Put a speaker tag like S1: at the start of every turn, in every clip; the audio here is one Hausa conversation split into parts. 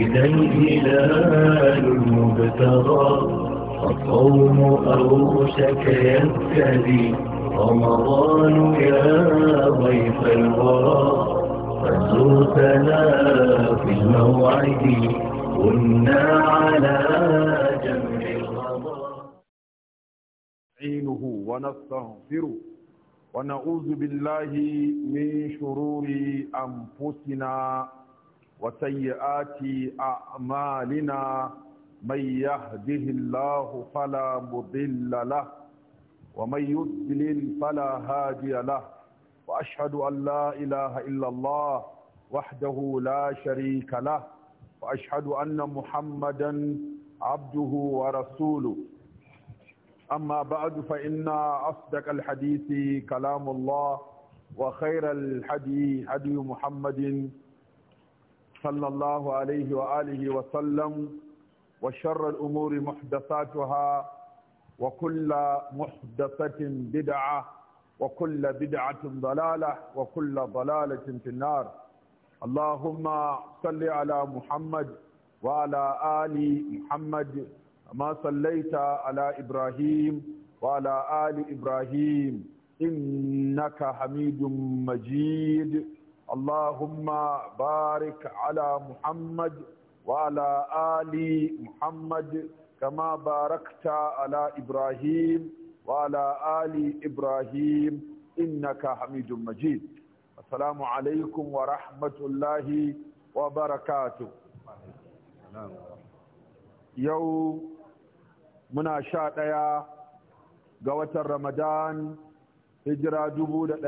S1: بديه هلال المبتغى الصوم أروشك يبتدي رمضان يا ضيف الورى قد زرتنا في الموعد كنا على جمع الغضاء
S2: نعينه ونستغفره ونعوذ بالله من شرور أنفسنا وسيئات أعمالنا من يهده الله فلا مضل له ومن يضلل فلا هادي له وأشهد أن لا إله إلا الله وحده لا شريك له وأشهد أن محمدا عبده ورسوله أما بعد فإن أصدق الحديث كلام الله وخير الحديث هدي محمد صلى الله عليه وآله وسلم وشر الأمور محدثاتها وكل محدثة بدعة وكل بدعة ضلالة وكل ضلالة في النار اللهم صل على محمد وعلى آل محمد ما صليت على إبراهيم وعلى آل إبراهيم إنك حميد مجيد اللهم بارك على محمد وعلى آل محمد كما باركت على إبراهيم وعلى آل إبراهيم إنك حميد مجيد السلام عليكم ورحمة الله وبركاته يوم muna sha ɗaya ga watan ramadan hijira dubu da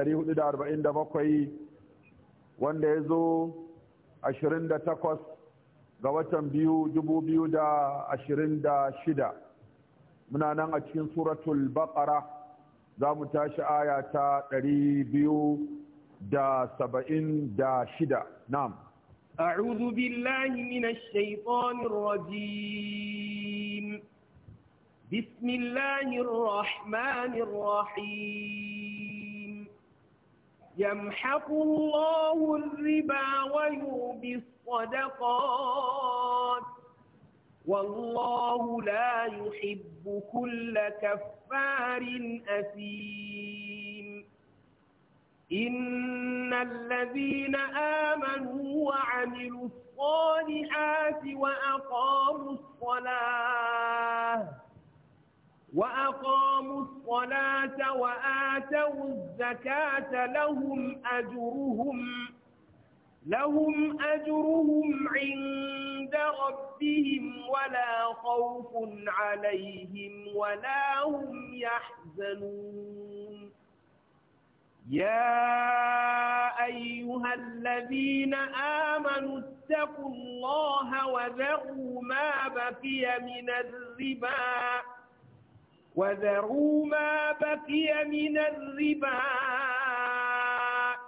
S2: wanda ya zo 28 ga watan biyu 2026 muna nan a cikin suratul baqara za mu tashi aya ta 276 na'am
S3: أعوذ بالله من الشيطان الرجيم بسم الله الرحمن الرحيم يمحق الله الربا ويربي الصدقات والله لا يحب كل كفار أثيم إن الذين آمنوا وعملوا الصالحات وأقاموا الصلاة وأقاموا الصلاة وآتوا الزكاة لهم أجرهم لهم أجرهم عند ربهم ولا خوف عليهم ولا هم يحزنون يا أيها الذين آمنوا اتقوا الله وذروا ما بقي من الربا وذروا ما بقي من الربا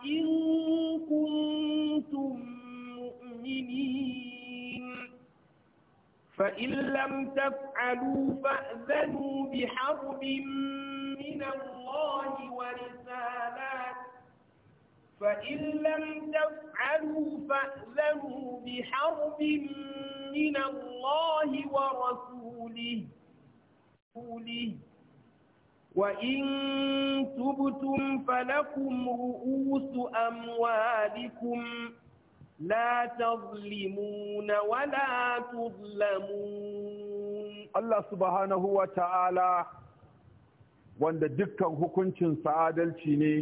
S3: إن كنتم مؤمنين فإن لم تفعلوا فأذنوا بحرب من الله ورسالات فإن لم تفعلوا فأذنوا بحرب من الله ورسوله ورسوله وإن تبتم فلكم رؤوس أموالكم لا تظلمون ولا تظلمون
S2: الله سبحانه
S3: وتعالى
S2: wanda dukkan hukuncinsa adalci ne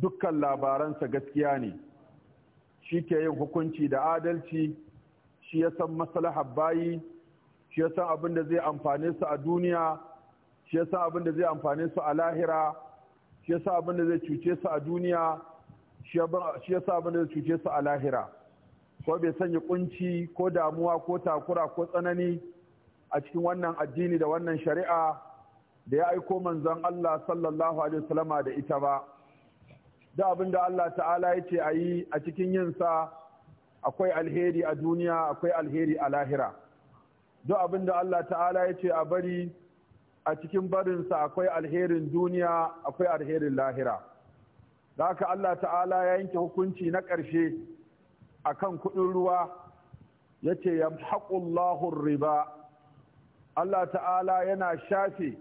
S2: dukkan labaransa gaskiya ne shi ke yin hukunci da adalci shi ya san maslahar bayi shi ya san abin da zai amfane su a duniya shi ya san abin da zai amfane su a lahira shi ya san abin da zai cuce su a duniya shi ya san abin da zai cuce su a lahira ko bai sanya kunci ko damuwa ko takura ko tsanani a cikin wannan addini da wannan shari'a da ya aiko manzon Allah sallallahu alaihi wasallama da ita ba da abin da Allah ta'ala ya ce a yi a cikin yinsa akwai alheri a duniya akwai alheri a lahira duk abin da Allah ta'ala ya ce a bari a cikin barinsa akwai alherin duniya akwai alherin lahira da haka Allah ta'ala ya yanke hukunci na ƙarshe a kan kuɗin ruwa ya ce ya riba Allah ta'ala yana shafe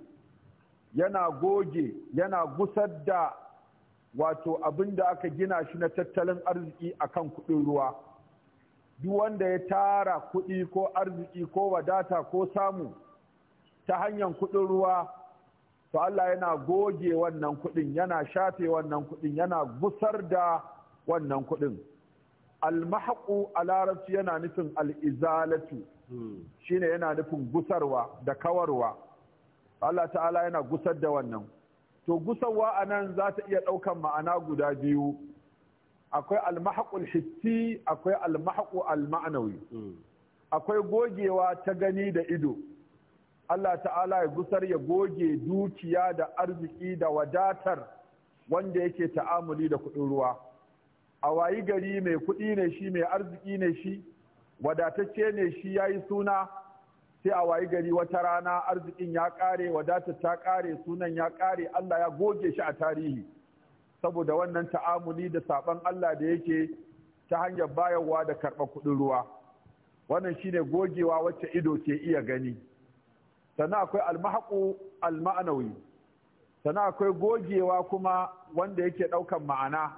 S2: yana goge yana gusar da wato abin da aka gina shi na tattalin arziki a kan kuɗin ruwa duk wanda ya tara kuɗi ko arziki ko wadata ko samu ta hanyar kuɗin ruwa to Allah yana goge wannan kuɗin yana shafe wannan kuɗin yana gusar da wannan kuɗin almahaqu a larabci yana nufin al'izalatu hmm. shine yana nufin gusarwa da kawarwa Allah ta'ala yana gusar da wannan to gusarwa a nan za ta iya ɗaukan ma'ana guda biyu akwai almahakul hissi akwai almahakul alma'anawi hmm. akwai gogewa ta gani da ido Allah ta'ala ya gusar ya goge dukiya da arziki da wadatar wanda yake ta'amuli da kuɗin ruwa a wayi gari mai kuɗi ne shi mai arziki ne shi wadatacce ne shi ya yi suna sai a wayi gari wata rana arzikin ya kare, wadatar ta kare, sunan ya kare, Allah ya goge shi a tarihi saboda wannan ta'amuli da saban Allah da yake ta hanyar bayarwa da karɓar kuɗin ruwa wannan shine gogewa wacce ido ke iya gani sannan akwai almahaku alma'anawi sannan akwai gogewa kuma wanda yake ɗaukan ma'ana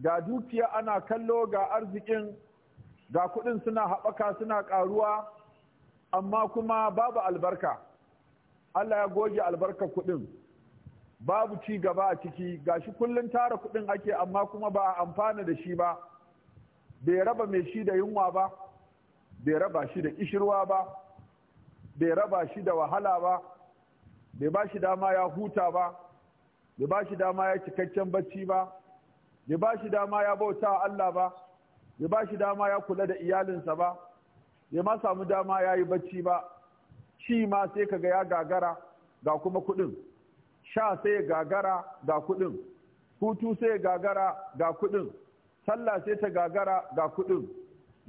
S2: ga dukiya ana kallo ga arzikin ga kuɗin suna haɓaka suna ƙaruwa amma kuma babu albarka Allah ya goge albarka kuɗin babu ci gaba a ciki gashi kullum tara kuɗin ake amma kuma ba a amfana da shi ba bai raba mai shi da yunwa ba bai raba shi da kishirwa ba bai raba shi da wahala ba bai ba shi dama ya huta ba bai ba shi dama ya cikakken bacci ba bai ba shi dama ya bauta Allah ba bai ba shi dama ya kula da iyalinsa ba bai ma samu dama ya yi bacci ba shi ma sai kaga ya gagara ga kuma kuɗin sha sai gagara ga kuɗin hutu sai gagara ga kuɗin sallah sai ta gagara ga kudin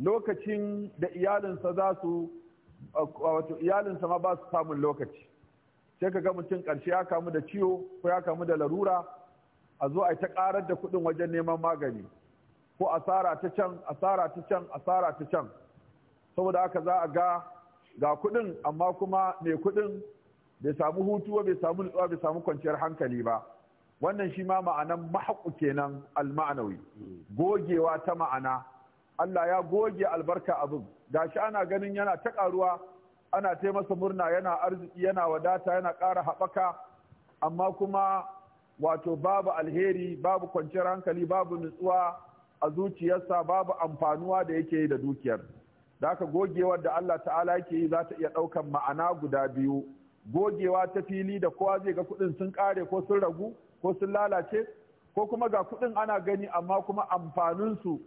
S2: lokacin da iyalinsa za su wato iyalinsa ma ba su samun lokaci sai ka ga mutum ƙarshe ya kamu da ciwo ko ya kamu da larura a zo a ta karar da kuɗin wajen neman magani ko asara ta can asara ta can asara ta can saboda haka za a ga ga kuɗin amma kuma mai kuɗin bai samu hutu ba bai samu nutsuwa bai samu kwanciyar hankali ba wannan shi ma ma'anan mahaƙu kenan alma'anawi gogewa ta ma'ana Allah ya goge albarka abin gashi ana ganin yana ta ƙaruwa ana ta masa murna yana arziki yana wadata yana ƙara haɓaka amma kuma wato babu alheri babu kwanciyar hankali babu nutsuwa a zuciyarsa babu amfanuwa da yake yi da dukiyar da aka gogewar da Allah ta'ala yake yi za ta iya ɗaukan ma'ana guda biyu gogewa ta fili da kowa zai ga kuɗin sun ƙare ko sun ragu ko sun lalace ko kuma ga kuɗin ana gani amma kuma amfaninsu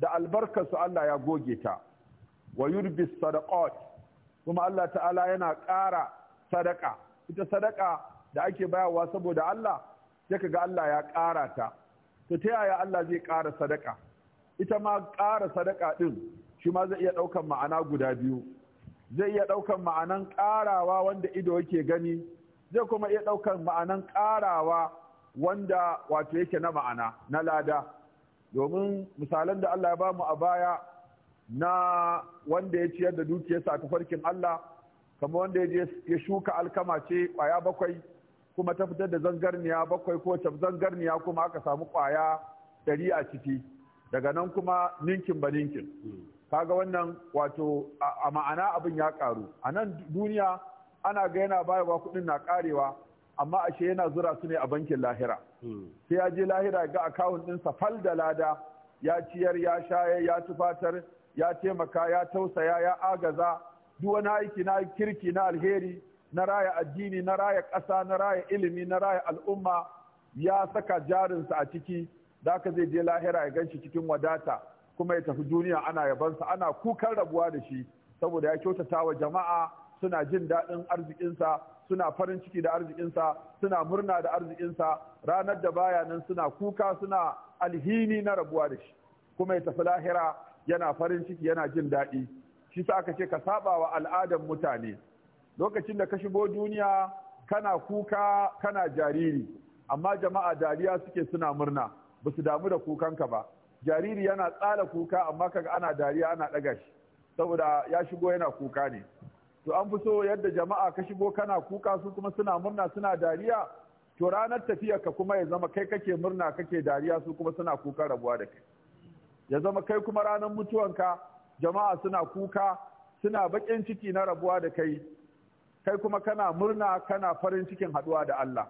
S2: da albarkarsu Allah ya goge ta wa yurbi sadaqat kuma Allah ta'ala yana ƙara sadaka ita sadaka da ake bayarwa saboda Allah sai kaga Allah ya ƙara ta to ta yaya Allah zai ƙara sadaka ita ma ƙara sadaka din shi ma zai iya ɗaukan ma'ana guda biyu zai iya ɗaukan ma'anan ƙarawa wanda ido yake gani zai kuma iya ɗaukan ma'anan ƙarawa wanda wato yake na ma'ana na lada domin misalan da Allah ya ba mu a baya na wanda ya ciyar da dukiyarsa ta farkin Allah kama wanda ya shuka alkama ce kwaya bakwai kuma ta fitar da zangarniya bakwai ko ta zangarniya kuma aka samu kwaya ɗari a ciki daga nan kuma ninkin ba ninkin hmm. kaga wannan wato a ma'ana abin ya karu a nan duniya ana ga yana bayarwa kuɗin na karewa amma ashe yana zura su ne a bankin lahira hmm. sai ya je lahira ga akawun ɗinsa fal da lada ya ciyar ya shaye ya tufatar ya taimaka ya tausaya ya agaza duk wani aiki na kirki na alheri na raya addini na raya ƙasa na raya ilimi na raya al'umma ya saka jarinsa a ciki da ka zai je lahira ya ganshi cikin wadata kuma ya tafi duniya ana yabansa ana kukan rabuwa da shi saboda ya kyautata wa jama'a suna jin daɗin arzikinsa suna farin ciki da arzikinsa suna murna da arzikinsa ranar da baya nan suna kuka suna alhini na rabuwa da shi kuma ya tafi lahira yana farin ciki yana jin daɗi shi sa aka ce ka saba wa al'adan mutane lokacin da ka shigo duniya kana kuka kana jariri amma jama'a dariya suke suna murna ba su damu da kukanka ba jariri yana tsala kuka amma kaga ana dariya ana ɗaga shi saboda ya shigo yana kuka ne to an fi so yadda jama'a ka shigo kana kuka su kuma suna murna suna dariya to ranar tafiya ka kuma ya zama kai kake murna kake dariya su kuma suna kuka rabuwa da kai ya zama kai kuma ranar mutuwanka jama'a suna kuka suna bakin ciki na rabuwa da kai kai kuma kana murna kana farin cikin haɗuwa da Allah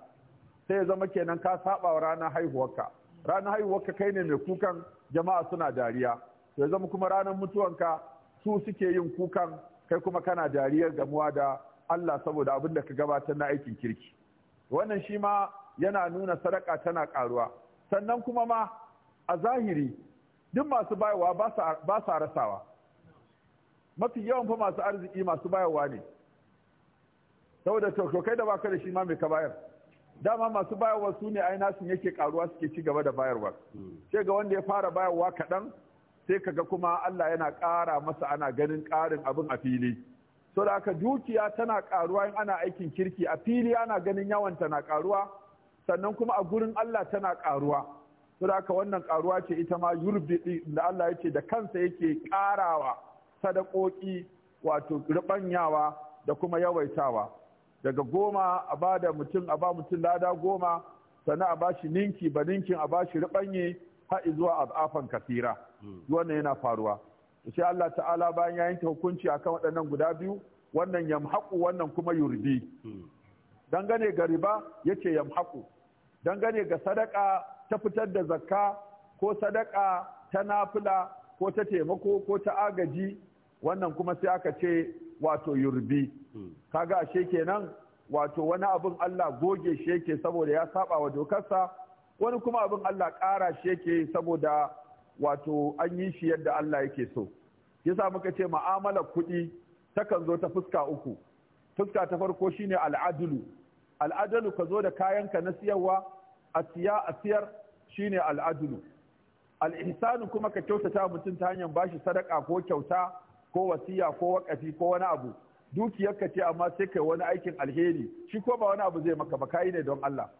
S2: sai ya zama kenan ka saba wa ranar haihuwarka ranar haihuwarka kai ne mai kukan jama'a suna dariya to zama kuma ranar mutuwanka su suke yin kukan kai kuma kana dariyar gamuwa da Allah saboda abin da ka gabatar na aikin kirki wannan shi ma yana nuna sadaka tana karuwa sannan kuma ma a zahiri duk masu bayarwa ba sa rasawa mafi yawan fa masu arziki masu bayarwa ne saboda to kai da baka da shi ma mai ka bayar dama masu bayarwa su ne a nasin yake karuwa suke ci gaba da bayarwa hmm. sai ga wanda ya fara bayarwa kaɗan sai ka ga kuma Allah yana ƙara masa ana ganin ƙarin abin a fili so da aka dukiya tana karuwa in ana aikin kirki a fili ana ganin yawan tana karuwa sannan kuma a gurin Allah tana karuwa. so da aka wannan karuwa ce ita ma yurbi da Allah yake da kansa yake karawa sadakoki wato ribanyawa da kuma yawaitawa daga goma a ba da mutum a ba mutum lada goma sannan a bashi ninki ba ninkin a bashi shi riɓanye zuwa azafan kasira hmm. wannan yana faruwa sai Allah ta'ala bayan ya yanke hukunci akan waɗannan guda biyu wannan yamhaku wannan kuma yurdi hmm. dangane ga riba yace yamhaku dangane ga sadaka ta fitar da zakka ko sadaka ta nafila ko ta taimako ko ta agaji wannan kuma sai aka ce wato yurbi hmm. kaga ashe kenan wato wani abin Allah goge shi yake saboda ya saba wa dokarsa wani kuma abin Allah ƙara shi yake saboda wato an yi shi yadda Allah yake so yasa muka ce ma'amalar kuɗi takan zo ta fuska uku fuska ta farko shine al'adulu al'adalu ka zo da kayanka na siyarwa a siya a siyar shine al'adulu al'ihsanu kuma ka kyautata mutum ta hanyar bashi sadaka ko kyauta ko wasiya ko wakafi ko wani abu dukiyarka ce amma sai kai wani aikin alheri shi ko ba wani abu zai maka ba kai ne don Allah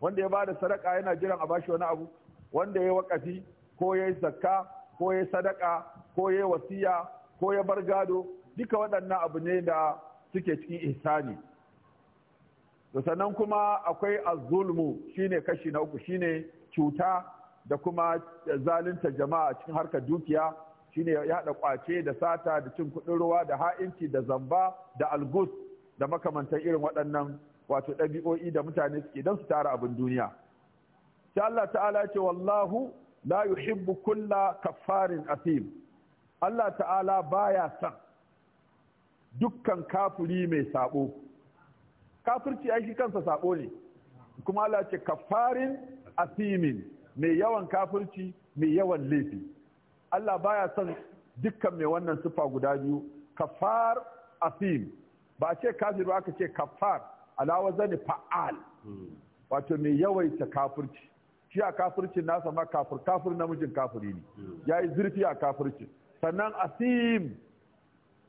S2: wanda ya bada sadaka yana jiran a bashi wani abu wanda ya wakafi ko ya zakka ko ya sadaka ko ya wasiya ko ya bar gado duka waɗannan abu ne da suke cikin ihsani to sannan kuma akwai azulmu shine kashi na uku shine cuta da kuma zalunta jama'a cikin harkar dukiya shine ya haɗa kwace da sata da cin kudin ruwa da ha'inci da zamba da algus da makamantan irin waɗannan wato ɗabi'o'i da mutane suke don su tara abin duniya sai Allah ta'ala ce wallahu la yuhibbu kulla kaffarin asim Allah ta'ala baya san dukkan kafuri mai sabo kafirci ai shi kansa sabo ne kuma Allah ce kafarin asimin mai yawan kafirci mai yawan laifi Allah baya son dukkan mai wannan sifa guda biyu kafar asim ba ce kafir ba aka ce kafar alawa zani fa'al wato mai yawaita kafirci shi a kafircin nasa ma kafir kafir namijin kafiri ne ya yi zurfi a kafircin sannan asim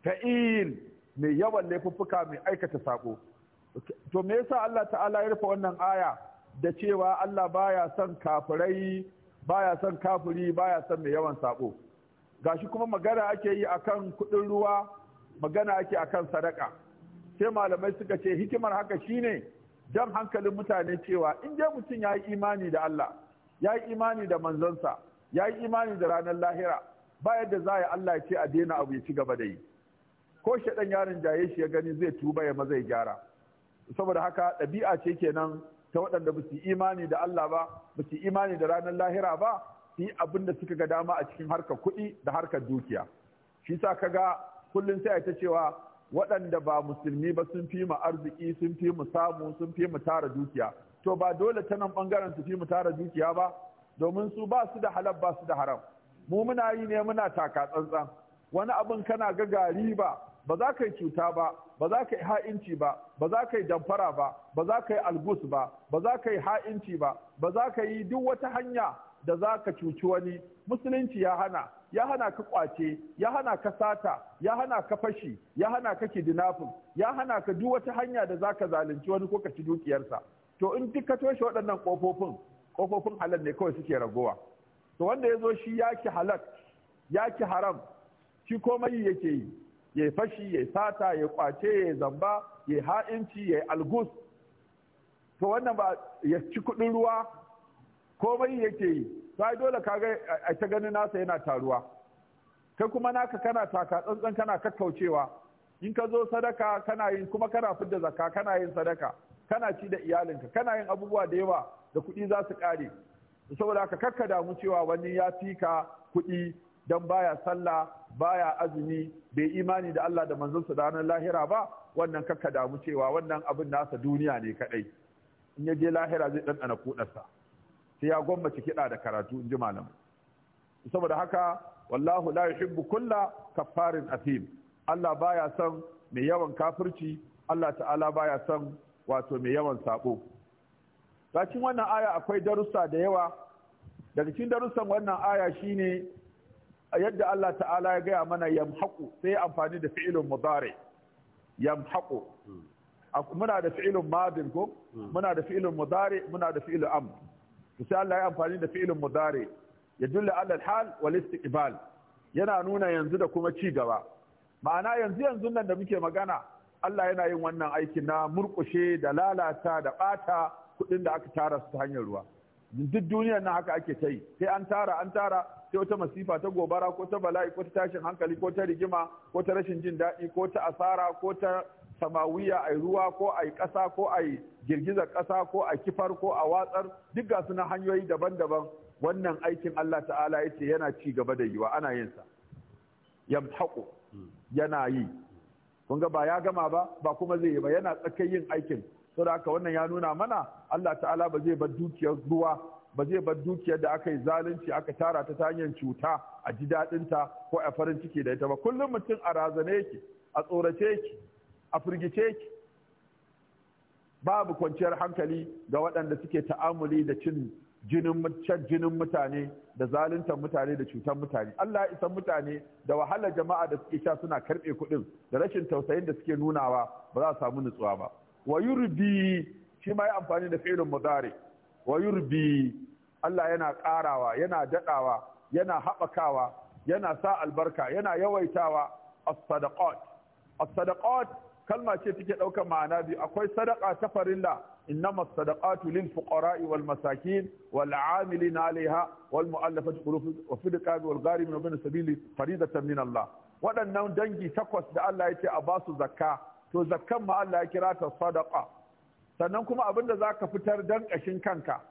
S2: fa'il mai yawan laifuffuka mai aikata sako to me yasa Allah ta'ala ya rufe wannan aya da cewa Allah baya son kafirai baya son kafuri baya son mai yawan Ga gashi kuma magana ake yi akan kuɗin ruwa magana ake akan sadaka sai malamai suka ce hikimar haka shine jan hankalin mutane cewa in dai mutum yayi imani da Allah yayi imani da manzonsa, ya yi imani da ranar lahira ba yadda za ya Allah ya ce a daina abu ya ci gaba da yi ko shaɗan yaron jaye shi ya gani zai tuba ya maza ya gyara saboda haka ɗabi'a ce kenan ta waɗanda ba su imani da Allah ba ba su imani da ranar lahira ba su yi abin da suka ga dama a cikin harkar kuɗi da harkar dukiya shi sa ka ga kullum sai a ta cewa waɗanda ba musulmi ba sun fi mu arziki sun fi mu samu sun fi mu tara dukiya to ba dole ta nan ɓangaren su fi mu tara dukiya ba domin su ba su da halal ba su da haram mu muna yi ne muna taka tsantsan wani abin kana ga gari ba ba za ka yi cuta ba ba za ka yi ha'inci ba ba za ka yi damfara ba ba za ka yi algus ba ba za ka yi ha'inci ba ba za ka yi duk wata hanya da za ka cuci wani musulunci ya hana ya hana ka kwace ya hana ka sata ya hana ka fashi ya hana ka kidnapping ya hana ka duk wata hanya da za ka zalunci wani ko ka ci dukiyarsa to in duk ka toshe waɗannan ƙofofin kofofin halal ne kawai suke ragowa to wanda ya zo shi ya ki halal ya ki haram shi komai yake yi Yai fashi ya sata ya kwace ya zamba ya ha'inci ya algus to wannan ba ya ci kudin ruwa komai yake yi sai dole kaga a ta ganin nasa yana taruwa kai kuma naka kana taka tsantsan kana kakkaucewa in ka zo sadaka kana yin kuma kana fidda zakka kana yin sadaka kana ci da iyalinka kana yin abubuwa da yawa da kuɗi za su ƙare saboda ka kakka damu cewa wani ya fi ka kuɗi dan baya sallah baya azumi bai imani da Allah da manzansa da ranar lahira ba wannan kakka damu cewa wannan abin nasa duniya ne kadai in ya je lahira zai ɗanɗana kudarsa sai ya gwammace kiɗa da karatu in ji malam saboda haka wallahu la yuhibbu kulla kafarin athim Allah baya son mai yawan kafirci Allah ta'ala baya son wato mai yawan sabo cikin wannan aya akwai darussa da yawa daga cikin darussan wannan aya shine yadda Allah ta'ala ya gaya mana yamhaqu sai amfani da fi'ilun mudari yamhaqu muna da fi'ilun madin ko hmm. muna da fi'ilun mudari muna da fi'ilun am sai Allah ya amfani da fi'ilun mudari ya dulla alal hal wal istiqbal yana nuna yanzu da kuma ci gaba ma'ana yanzu yanzu nan da muke magana Allah yana yin wannan aikin na murkushe da lalata da bata kuɗin da aka tara su ta hanyar ruwa duk duniyar nan haka ake ta yi sai an tara an tara sai wata masifa ta gobara ko ta bala'i ko ta tashin hankali ko ta rigima ko ta rashin jin daɗi ko ta asara ko ta samawiya a ruwa ko a ƙasa ko a girgizar ƙasa ko a kifar ko a watsar duk ga suna hanyoyi daban-daban wannan aikin Allah ta'ala ya ce yana ci gaba da yiwa ana yin sa haƙo, yana yi kun ga ba ya gama ba ba kuma zai yi ba yana tsakai yin aikin saboda haka wannan ya nuna mana Allah ta'ala ba zai bar dukiyar ruwa ba zai bar dukiyar da aka yi zalunci aka tara ta ta hanyar cuta a ji daɗinta ko a farin ciki da ita ba kullum mutum a razane yake a tsorace yake a firgice yake babu kwanciyar hankali ga waɗanda suke ta'amuli da cin jinin mutan jinin mutane da zaluntar mutane da cutar mutane Allah ya isan mutane da wahalar jama'a da suke sha suna karɓe kuɗin da rashin tausayin da suke nunawa ba za su samu nutsuwa ba Wayurbi shi ma yi amfani da fi'ilin mudari wa yurbi Allah yana ƙarawa yana daɗawa yana haɓakawa yana sa albarka yana yawaitawa as-sadaqat as-sadaqat kalma ce take ɗaukar ma'ana biyu akwai sadaka ta farilla innama sadaqatu lil fuqara'i wal masakin wal 'amilina 'alayha wal mu'allafati qulubuhum wa fi riqabi wal gharimin min sabili faridatan min Allah waɗannan dangi takwas da Allah ya ce a basu zakka to zakkan ma Allah ya kira ta sadaqa sannan kuma abinda zaka fitar dan ƙashin kanka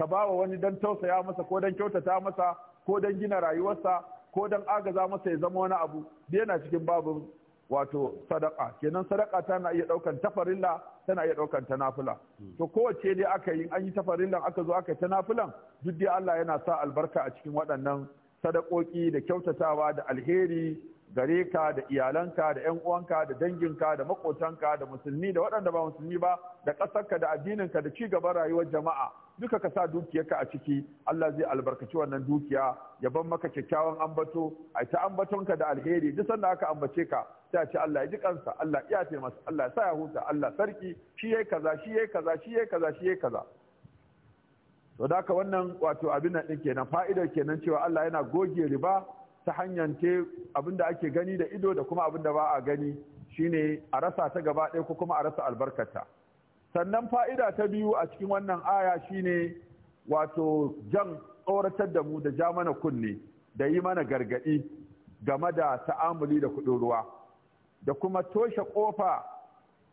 S2: ka ba wa wani don tausaya masa ko don kyautata masa ko don gina rayuwarsa ko don agaza masa ya zama wani abu yana cikin babu wato sadaka kenan sadaka tana iya daukan tafarilla tana iya daukan tanafila hmm. to kowace dai aka yi an yi tafarilla aka zo aka tanafilan duk dai Allah yana sa albarka a cikin waɗannan sadakoki da kyautatawa da alheri gare ka da iyalanka da ƴan uwanka da danginka da makotanka da musulmi da waɗanda ba musulmi ba da ƙasarka da addininka da ci gaban rayuwar jama'a duka ka sa dukiyarka a ciki Allah zai albarkaci wannan dukiya ya ban maka kyakkyawan ambato Aita ta ambatonka da alheri duk sanda aka ambace ka sai a ce Allah ya ji kansa Allah ya ce masa Allah ya sa ya huta Allah sarki shi yayi kaza shi yayi kaza shi yayi kaza shi yayi kaza to da haka wannan wato abin nan din kenan fa'idar kenan cewa Allah yana goge riba ta hanyar te abin ake gani da ido da kuma abin ba a gani shine a rasa ta gaba ɗaya ko kuma a rasa albarkata. sannan fa'ida ta biyu a cikin wannan aya shine wato jan tsoratar da mu da ja mana kunne da yi mana gargaɗi game da ta'amuli da kuɗin ruwa da kuma toshe ƙofa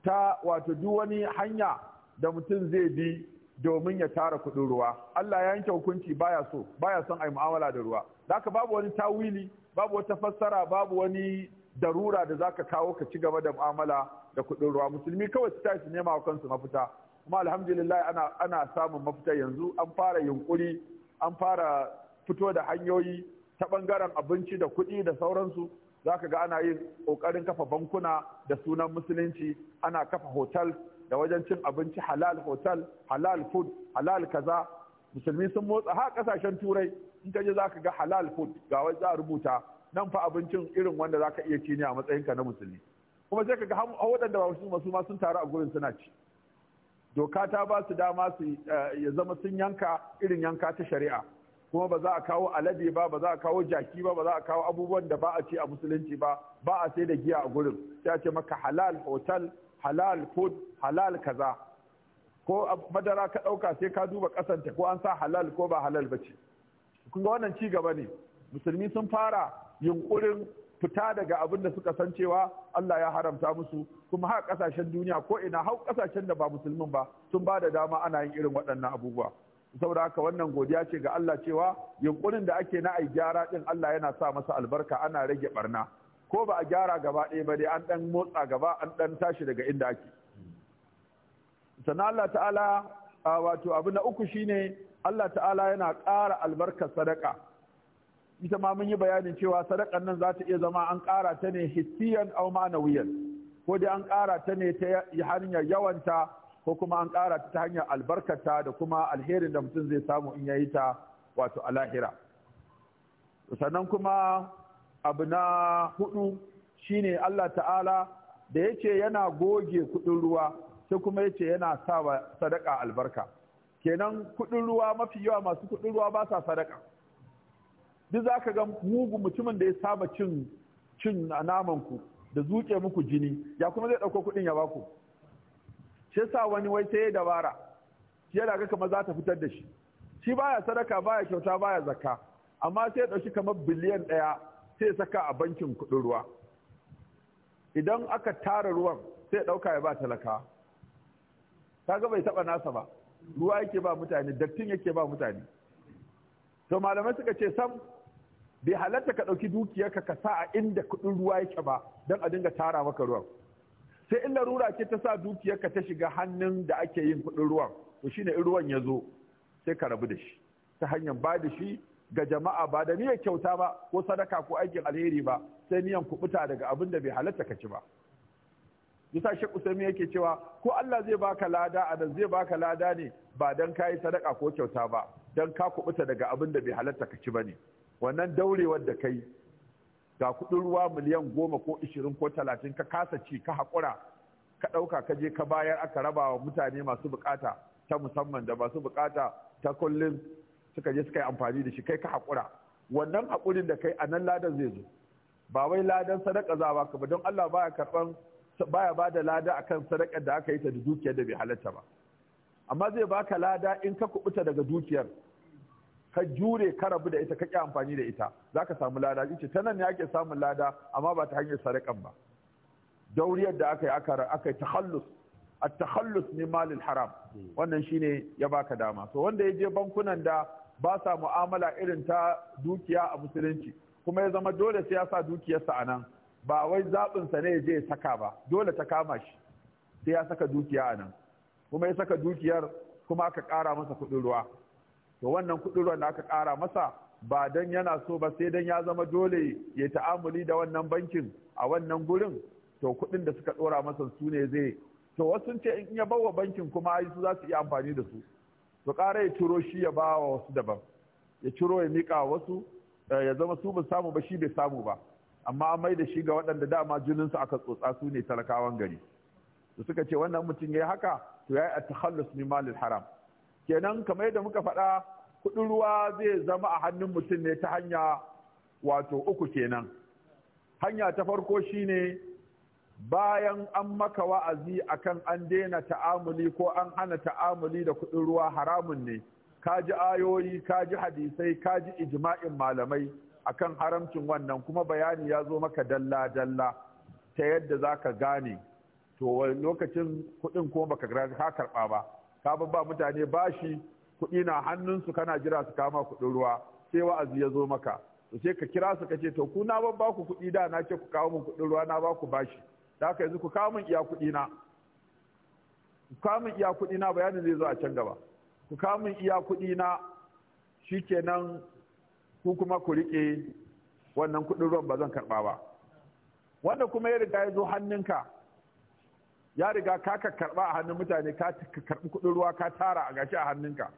S2: ta wato duk wani hanya da mutum zai bi domin ya tara kuɗin ruwa Allah ya yanke hukunci baya so baya son ai mu'amala da ruwa haka babu wani tawili babu wata fassara babu wani darura da zaka kawo ka ci gaba da mu'amala da kuɗin ruwa musulmi kawai su tashi nema wa kansu mafita kuma alhamdulillah ana ana samun mafita yanzu an fara yunkuri an fara fito da hanyoyi ta bangaren abinci da kuɗi da sauransu zaka ga ana yin kokarin kafa bankuna da sunan musulunci ana kafa hotel da wajen cin abinci halal hotel halal food halal kaza musulmi sun motsa ha kasashen turai in ka je zaka ga halal food ga wani za rubuta nan fa abincin irin wanda zaka iya ci ne a matsayinka na musulmi kuma sai kaga ga waɗanda ba su masu ma sun taru a gurin suna ci doka ta ba su dama su eh, ya zama sun yanka irin yanka ta shari'a kuma ba za a kawo alade ba ba za a kawo jaki ba ba za a kawo abubuwan da ba a ce a musulunci ba ba a sai da giya a gurin sai a ce maka halal hotel halal food halal kaza ko madara ka ɗauka sai ka duba ƙasanta ko an sa halal ko ba halal ba ce kun wannan ci gaba ne musulmi sun fara yunkurin fita daga abin da suka san cewa Allah ya haramta musu kuma har kasashen duniya ko ina har kasashen da ba musulmin ba sun ba da dama ana yin irin waɗannan abubuwa saboda haka wannan godiya ce ga Allah cewa yunkurin da ake na ai gyara din Allah yana sa masa albarka ana rage barna ko ba a gyara gaba ɗaya ba dai an ɗan motsa gaba an ɗan tashi daga inda ake sannan Allah ta'ala wato abu na uku shine Allah ta'ala yana ƙara albarkar sadaka ita ma mun yi bayanin cewa sadakan nan za ta iya zama an ƙara ta ne hissiyan au ma'anawiyan ko dai an ƙara ta ne ta hanyar yawanta ko kuma an ƙara ta hanyar albarkata da kuma alherin da mutum zai samu in yayi ta wato a lahira sannan kuma abu na hudu shine Allah ta'ala da yace yana goge kudin ruwa sai kuma yace yana sa sadaka albarka kenan kudin ruwa mafi yawa masu kudin ruwa ba sa sadaka duk za ka ga mugu mutumin da ya saba cin cin naman ku da zuke muku jini ya kuma zai ɗauko kuɗin ya baku shi yasa wani wai sai ya dabara shi yana ga kamar za ta fitar da shi shi baya sadaka baya kyauta baya zakka amma sai ya ɗauki kamar biliyan ɗaya sai ya saka a bankin kuɗin ruwa idan aka tara ruwan sai ɗauka ya ba talaka ga bai taɓa nasa ba ruwa yake ba mutane dattin yake ba mutane to malamai suka ce sam bai halatta ka ɗauki dukiyarka ka sa a inda kuɗin ruwa yake ba don a dinga tara maka ruwan sai in larura ce ta sa dukiyarka ta shiga hannun da ake yin kuɗin ruwan to shine in ruwan ya zo sai ka rabu da shi ta hanyar ba da shi ga jama'a ba da niyyar kyauta ba ko sadaka ko aikin alheri ba sai niyan kuɓuta daga abin da bai halatta ka ci ba yasa Sheikh kusami yake cewa ko Allah zai baka lada a nan zai baka lada ne ba dan kai sadaka ko kyauta ba dan ka kuɓuta daga abin da bai halatta ka ci ba ne. wannan daurewar da kai ga kuɗin ruwa miliyan goma ko ishirin ko talatin ka kasa ci ka haƙura ka ɗauka ka je ka bayar aka raba wa mutane masu bukata ta musamman da masu bukata ta kullum suka je suka yi amfani da shi kai ka haƙura wannan haƙurin da kai a nan ladan zai zo ba wai ladan sadaka za ba ka ba don Allah baya karɓan baya ba da lada akan sadakar da aka yi ta da dukiyar da bai halatta ba amma zai baka lada in ka kuɓuta daga dukiyar ka jure ka rabu da ita ka ƙi amfani da ita za ka samu lada ce ta nan ne ake samun lada amma ba ta hanyar sarakan ba dauriyar da aka yi aka aka tahallus a tahallus ne malil haram wannan shine ya baka dama so wanda ya je bankunan da ba sa mu'amala irin ta dukiya a musulunci kuma ya zama dole sai ya sa dukiyarsa a nan ba wai zaɓin sa ne ya je ya saka ba dole ta kama shi sai ya saka dukiya a nan kuma ya saka dukiyar kuma aka ƙara masa kuɗin ruwa to wannan kuɗin ruwan da aka ƙara masa ba don yana so ba sai don ya zama dole ya ta'amuli da wannan bankin a wannan gurin to kuɗin da suka ɗora masa su ne zai to wasu ce in ya bawa bankin kuma ai su za su iya amfani da su to ƙara ya ciro shi ya bawa wasu daban ya ciro ya miƙa wasu eh, ya zama su ba samu ba shi bai samu ba amma an mai da shi ga waɗanda dama su aka tsotsa su ne talakawan gari da suka ce wannan mutum ya yi haka to ya yi a takhallus haram kenan kamar yadda muka faɗa kuɗin ruwa zai zama a hannun mutum ne ta hanya wato uku kenan hanya ta farko shine bayan an maka wa'azi akan an daina ta'amuli ko an hana ta'amuli da kuɗin ruwa haramun ne ka ji ayoyi ka ji hadisai ka ji ijma'in malamai akan haramcin wannan kuma bayani ya zo maka dalla dalla ta yadda za ka gane to lokacin kuɗin ko baka ka karɓa ba ka ba mutane shi kuɗi na hannunsu kana jira su kama kuɗin ruwa sai wa'azi ya zo maka to sai ka kira su kace to ku na ban ba ku kuɗi da na ce ku kawo min kuɗin ruwa na ba ku bashi da haka yanzu ku kawo min iya kuɗi na ku kawo min iya kuɗi na bayanin zai zo a can gaba ku kawo min iya kuɗi na shikenan ku kuma ku riƙe wannan kuɗin ruwan ba zan karɓa ba wanda kuma ya riga ya zo hannunka ya riga ka ka karba a hannun mutane ka karbi kudin ruwa ka tara a gashi a hannunka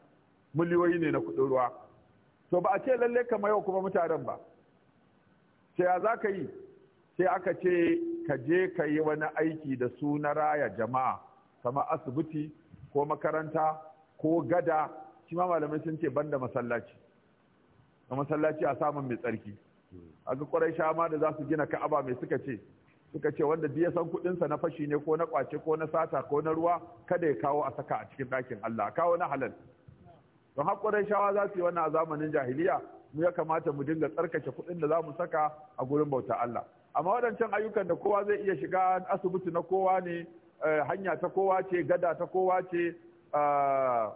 S2: miliyoyi ne na kuɗin ruwa to ba a ce lalle ka mayo kuma mutanen ba sai ya za ka yi sai aka ce ka je ka yi wani aiki da su na raya jama'a kamar asibiti ko makaranta ko gada shi ma malamai sun ce banda masallaci a masallaci a samun mai tsarki a ga kwarai sha ma da za su gina ka'aba mai suka ce suka ce wanda ya san kuɗinsa na fashi ne ko na kwace ko na sata ko na ruwa kada ya kawo a saka a cikin ɗakin Allah kawo na halal don haƙurai shawa za su yi wannan a zamanin jahiliya mu ya kamata mu dinga tsarkake kuɗin da za mu saka a gurin bauta Allah amma waɗancan ayyukan da kowa zai iya shiga asibiti na kowa ne eh, hanya ta kowa ce gada ta kowa ce ah,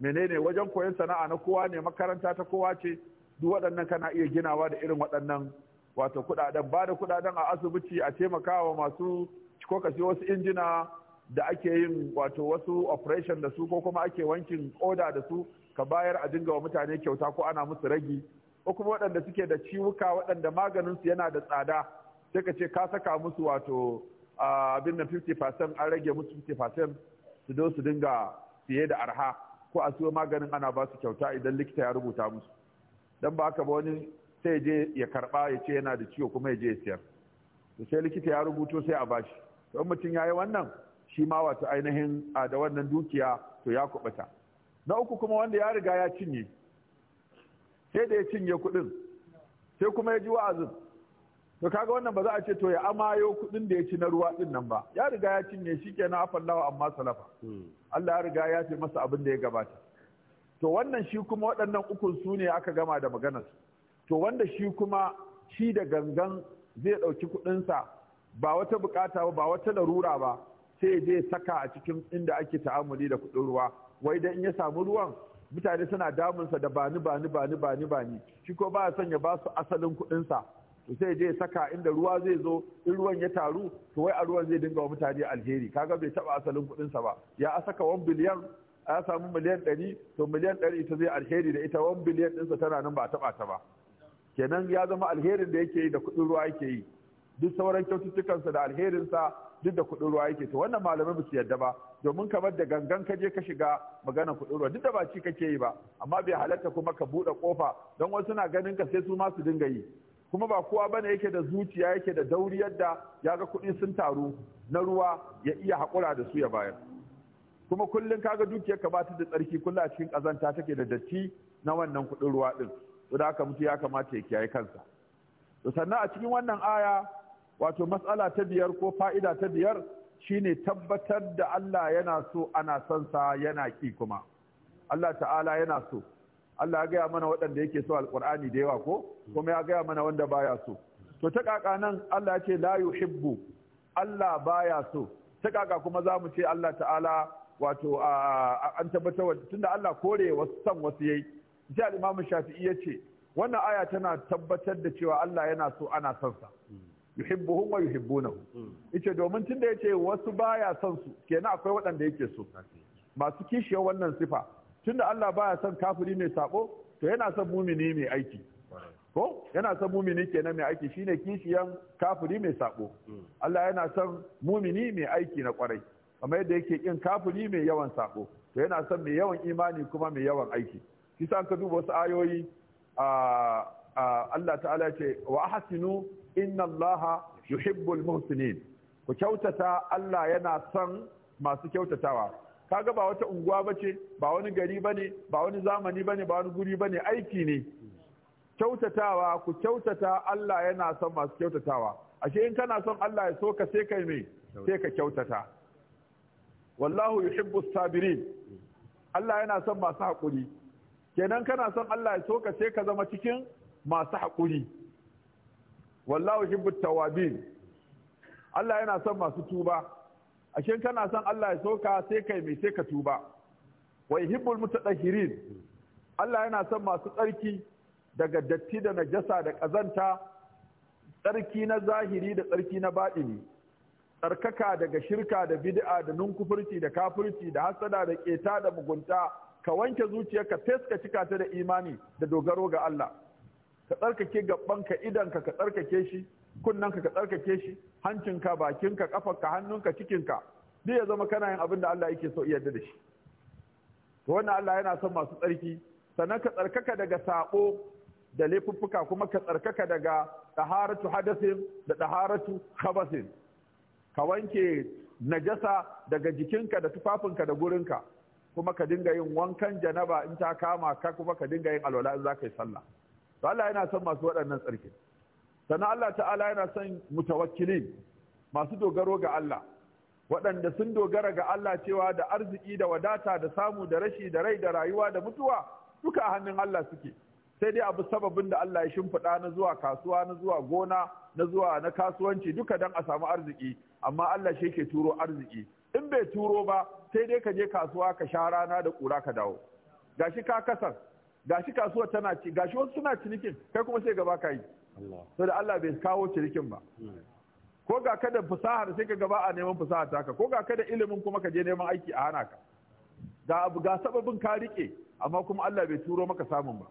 S2: menene wajen koyon sana'a na kowa ne makaranta ta kowa ce duk waɗannan kana iya ginawa da irin waɗannan wato kudaden ba da kudaden a asibiti a taimakawa masu ko wasu injina da ake yin wato wasu operation da su ko kuma ake wankin oda da su ka bayar a dinga wa mutane kyauta ko ana musu ragi ko kuma waɗanda suke da ciwuka waɗanda maganin su yana da tsada sai ka ce ka saka musu wato abin nan 50% an rage musu 50% su do su dinga fiye da arha ko a siyo maganin ana ba su kyauta idan likita ya rubuta musu dan ba haka ba wani sai je ya karba ya ce yana da ciwo kuma ya je ya siyar to sai likita ya rubuto sai a bashi to mutum ya yi wannan shi ma wato ainihin da wannan dukiya to ya kubuta na uku kuma wanda ya riga ya cinye sai da ya cinye kuɗin sai kuma ya ji wa'azin to kaga wannan ba za a ce to ya amayo kuɗin da ya ci na ruwa din nan ba ya riga ya cinye shi kenan afallahu amma salafa hmm. Allah ya riga ya ce masa abin da ya gabata to wannan shi kuma waɗannan ukun su ne aka gama da maganar to wanda shi kuma shi da gangan zai ɗauki kuɗinsa ba wata bukata ba ba wata larura ba sai zai saka a cikin inda ake ta'amuli da kuɗin ruwa wai dan in ya samu ruwan mutane suna damunsa da bani bani bani bani bani shi ko ba son ya ba su asalin kuɗinsa to sai zai saka inda ruwa zai zo in ruwan ya taru to wai a ruwan zai dinga wa mutane alheri kaga bai taba asalin kuɗinsa ba ya saka 1 biliyan a samu miliyan ɗari? to miliyan ɗari ita zai alheri da ita 1 biliyan ɗinsa tana nan ba a taba ta ba kenan ya zama alherin da yake yi da kuɗin ruwa yake yi duk sauran kyaututtukansa da alherinsa duk da kuɗin ruwa yake to wannan malamai ba su yadda ba domin kamar da gangan ka je ka shiga magana kuɗin ruwa duk da ba ci kake yi ba amma bai halatta kuma ka buɗe kofa don wasu na ganin ka sai su ma su dinga yi kuma ba kowa bane yake da zuciya yake da dauri yadda ya ga kuɗi sun taru na ruwa ya iya haƙura da su ya bayar kuma kullum kaga dukiyar ka ba ta da tsarki kullum a cikin ƙazanta take da datti na wannan kuɗin ruwa din to da aka mutu ya kamata ya kiyaye kansa to sannan a cikin wannan aya wato matsala ta biyar ko fa'ida ta biyar shine tabbatar da Allah yana so ana son sa yana ki kuma Allah ta'ala yana so Allah ya gaya mana waɗanda yake so alqur'ani da yawa ko kuma ya gaya mana wanda baya so to ta kaka nan Allah ya ce la yuhibbu Allah baya so ta kaka kuma za mu ce Allah ta'ala wato an tabbatar tunda Allah kore wasu san wasu yayi sai al-imam shafi'i ce wannan aya tana tabbatar da cewa Allah yana so ana son sa yuhibbuhum wa yuhibbunahu mm. yace domin tunda yace wasu baya son su kenan akwai waɗanda yake so masu kishiya wannan sifa tunda Allah baya son kafiri mai sabo to yana son mumini mai aiki ko yana son mumini kenan mai aiki shine kishiyan kafiri mai sabo mm. Allah yana son mumini mai aiki na kwarai kamar yadda yake kin kafiri mai yawan sabo to yana son mai yawan imani kuma mai yawan aiki kisa ka duba wasu ayoyi a Allah ta'ala ce wa ahsinu inna Allah yuhibbul muhsinin ku kyautata Allah yana son masu kyautatawa kaga ba wata unguwa bace ba wani gari bane ba wani zamani bane ba wani guri bane aiki ne kyautatawa ku kyautata Allah yana son masu kyautatawa ashe in kana son Allah ya so ka sai kai me sai ka kyautata wallahu yuhibbus sabirin Allah yana son masu haƙuri kenan kana son Allah ya so ka sai ka zama cikin masu haƙuri wallahu yuhibbu tawabin Allah yana son masu tuba ashe kana son Allah ya so ka sai kai mai sai ka tuba wa yuhibbul mutatahhirin Allah yana son masu tsarki daga datti da najasa da ƙazanta tsarki na zahiri da tsarki na ne. tsarkaka daga shirka da bid'a da nunkufurci da kafurci da hasada da ƙeta da mugunta ka wanke zuciyarka fes ka cika ta da imani da dogaro ga Allah ka tsarkake gabanka idanka ka ka tsarkake shi kunnanka ka tsarkake shi hancinka bakinka kafarka hannunka cikinka duk ya zama kana yin abin da Allah yake so yarda da shi to wannan Allah yana son masu tsarki sannan ka tsarkaka daga sako da laifuffuka kuma ka tsarkaka daga daharatu hadasin da daharatu khabasin ka wanke najasa daga jikinka da tufafinka da gurinka kuma ka dinga yin wankan janaba in ta kama ka kuma ka dinga yin alwala in za ka yi sallah to Allah yana son masu waɗannan tsarki sannan Allah ta'ala yana son mutawakkili masu dogaro ga Allah waɗanda sun dogara ga Allah cewa da arziki da wadata da samu da rashi da rai da rayuwa da mutuwa duka a hannun Allah suke sai dai abu sababin da Allah ya shimfiɗa na zuwa kasuwa na zuwa gona na zuwa na kasuwanci duka dan a samu arziki amma Allah shi yake turo arziki in bai turo ba sai dai ka je kasuwa ka sha rana da ƙura ka dawo gashi ka kasar gashi kasuwa tana ci gashi wasu suna cinikin kai kuma sai gaba ka yi so da Allah bai kawo cinikin ba hmm. ko ga ka da fasahar sai ka gaba a neman fasahar taka ko ga ka da ilimin kuma ka je neman aiki a hana ka ga abu ga sababin ka rike amma kuma Allah bai turo maka samun ba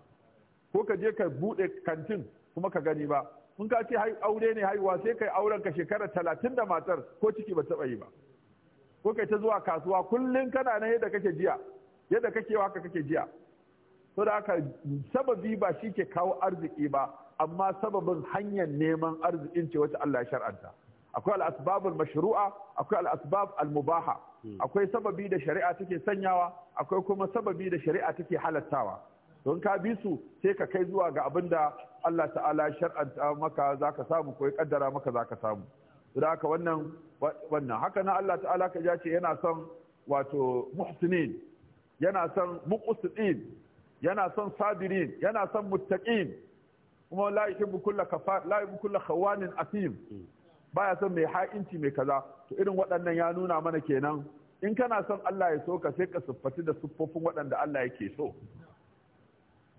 S2: ko ka je ka bude kantin kuma ka gani ba in ka ce aure ne haihuwa sai kai auren ka shekara talatin da matar ko ciki ba ta yi ba ko kai ta zuwa kasuwa kullum kana nan yadda kake jiya yadda kake haka kake jiya so da haka sababi ba shi ke kawo arziki ba amma sababin hanyar neman arzikin ce wacce Allah ya shar'anta akwai al'asbabul mashru'a akwai al'asbab al-mubaha hmm. akwai sababi da shari'a take sanyawa akwai kuma sababi da shari'a take halattawa don ka bi su sai ka kai zuwa ga abin da Allah ta'ala shar'anta maka zaka samu ko ya kaddara maka zaka samu da haka wannan wannan haka na Allah ta'ala ka ja ce yana son wato muhsinin yana son muqsitin yana son sabirin yana son muttaqin kuma la yuhibbu kulla kafar la yuhibbu kulla khawanin baya son mai ha'inci mai kaza to irin waɗannan ya nuna mana kenan in kana son Allah ya so ka sai ka siffati da siffofin waɗanda Allah yake so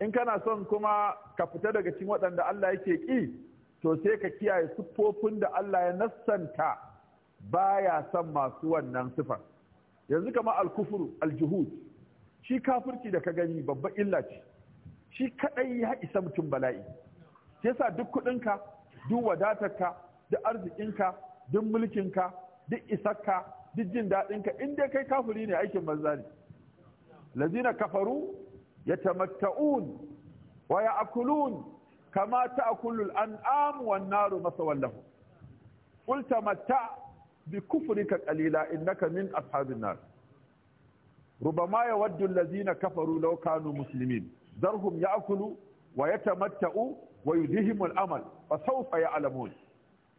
S2: in kana son kuma ka fita daga cikin waɗanda Allah yake ki to sai ka kiyaye siffofin da Allah ya nassanta baya son masu wannan sifar yanzu kamar alkufuru aljuhud shi kafirci da ka gani babba illa ce shi kadai ya isa mutum bala'i yasa duk kudinka duk wadatarka duk arzikinka duk mulkinka duk isarka duk jin daɗinka in dai kai kafiri ne aikin banza ne lazina kafaru yatamatta'un wa ya'kulun kama an amu wa naru masawal lahu qul tamatta bi kalila in naka min ashabin nar ربما يود الذين wa ya كانوا مسلمين ذرهم يأكلوا ويتمتعوا ويلههم الأمل فسوف يعلمون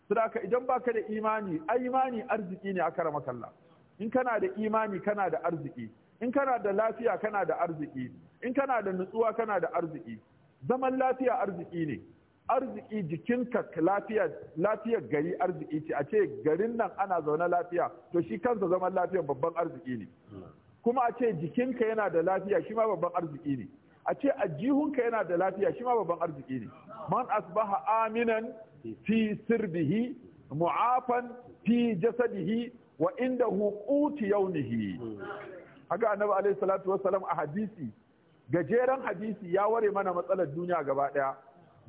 S2: sadaka idan baka da imani a imani arziki ne a rama kalla in kana da imani kana da arziki in kana da lafiya kana da arziki in kana da nutsuwa kana da arziki zaman lafiya arziki ne arziki jikinka lafiya lafiyar gari arziki ce a ce garin nan ana zaune lafiya to shi kansa zaman lafiyar babban arziki ne kuma a ce jikinka yana da lafiya shi ma babban arziki ne a ce a jihunka yana da lafiya shi ma babban arziki ne man asbaha aminan fi sirbihi mu'afan fi jasadihi wa indahu quti yawmihi haka annabi alaihi salatu wassalam a hadisi gajeren hadisi ya ware mana matsalar duniya gaba ɗaya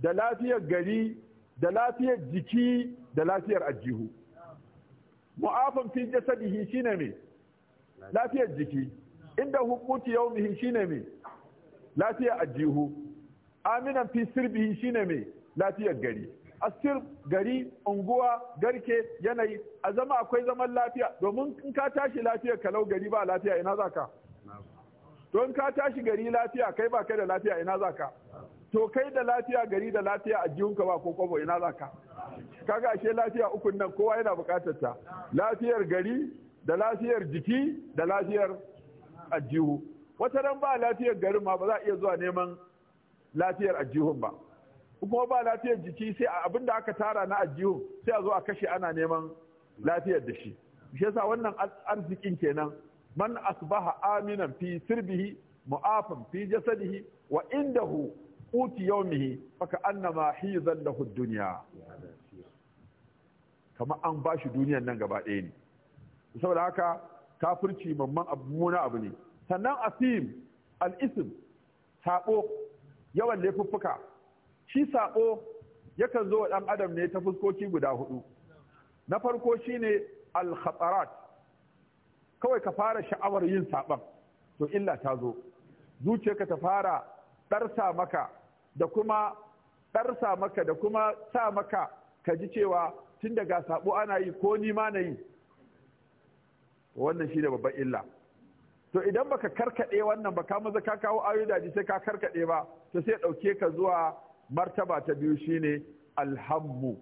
S2: da lafiyar gari da lafiyar jiki da lafiyar ajihu mu'afin fi jasadihi shine me lafiyar jiki inda hukuti yaumihi shine me lafiyar ajihu aminan fi sirbihi shine me lafiyar gari asir gari unguwa garke yanayi a zama akwai zaman lafiya domin in ka tashi lafiyar kalau gari ba lafiya ina zaka don ka tashi gari lafiya kai ba kai da lafiya ina za ka to kai da lafiya gari da lafiya a ka ba ko kwabo ina za ka kaga ashe lafiya ukun nan kowa yana bukatar ta lafiyar gari da lafiyar jiki da lafiyar ajihu wata ran ba lafiyar garin ma ba za a iya zuwa neman lafiyar ajihun ba kuma ba lafiyar jiki sai abin da aka tara na ajihun sai a zo a kashe ana neman lafiyar da shi shi yasa wannan arzikin kenan man asbaha aminan fi sirbihi mu'afan fi jasadihi wa indahu uti yawmihi faka annama hizan lahu dunya kamar an bashi duniyan nan gaba ɗaya ne saboda haka kafirci mamman muna abu ne sannan asim al-ism sabo yawan laifuffuka shi saɓo yakan zo wa ɗan adam ne ta fuskoki guda huɗu. na farko shine al-khatarat kawai ka fara sha'awar yin saɓan to illa ta zo zuciyarka ta fara ɗarsa maka da kuma ɗarsa maka da kuma sa maka ka ji cewa tun daga saɓo ana yi ko ni ma na yi wannan shi ne babban illa to idan baka karkaɗe wannan ba ka maza ka kawo ayoyi sai ka karkaɗe ba to sai ɗauke ka zuwa martaba ta biyu shine alhammu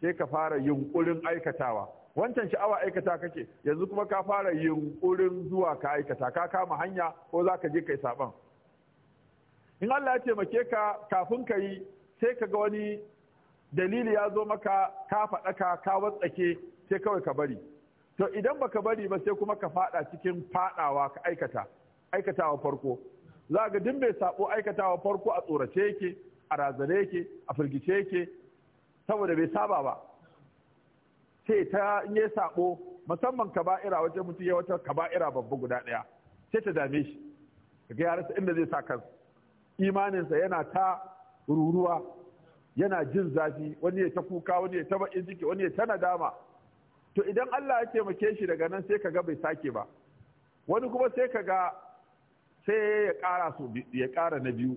S2: sai ka fara yunkurin aikatawa wancan sha'awa aikata kake yanzu kuma ka fara yunkurin zuwa ka aikata ka kama hanya ko za ka je kai saban in Allah ya taimake ka kafin ka yi sai ka ga wani dalili ya zo maka ka faɗaka ka watsake sai kawai ka bari to idan baka bari ba sai kuma ka faɗa cikin faɗawa ka aikata aikatawa farko za ga duk mai sabo aikatawa farko a tsorace yake a razane yake a firgice yake saboda bai saba ba sai ta in ya sabo musamman kaba'ira wajen mutum ya wata kaba'ira babba guda ɗaya sai ta dame shi kaga ya rasa inda zai sa kansa imaninsa yana ta ruruwa yana jin zafi wani ya ta kuka wani ya ta bakin ciki wani ya ta nadama to idan Allah ya taimake shi daga nan sai kaga bai sake ba wani kuma sai kaga sai ya ƙara su ya ƙara na biyu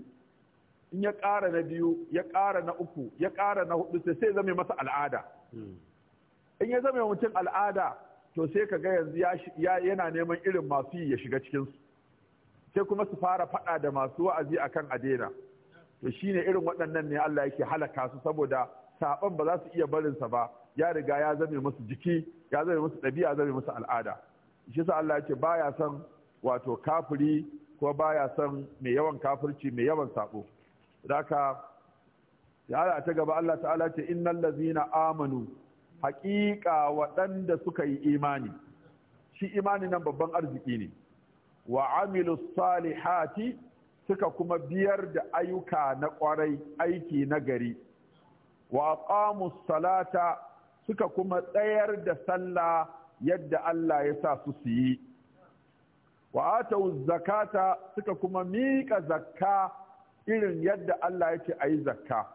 S2: in ya ƙara na biyu ya ƙara na uku ya ƙara na hudu sai zame masa al'ada hmm. in ya zama mutum al'ada to sai ka ga yanzu yana neman irin masu yi ya shiga cikinsu sai kuma su fara faɗa da masu wa'azi akan adena to shine irin waɗannan ne Allah yake halaka su saboda saban ba za su iya barinsa ba ya riga ya zame musu jiki ya zame musu ɗabi'a ya zame musu al'ada shi sa Allah yake baya son wato kafiri ko baya son mai yawan kafirci mai yawan sabo haka ya ta gaba Allah ta'ala ce innal ladzina amanu haƙiƙa waɗanda suka yi imani shi imani nan babban arziki ne wa amilu salihati suka kuma biyar da ayyuka na ƙwarai aiki na gari wa aqamu salata suka kuma tsayar da sallah yadda Allah ya sa su su yi wa atau zakata suka kuma miƙa zakka irin yadda Allah ya ce a yi zakka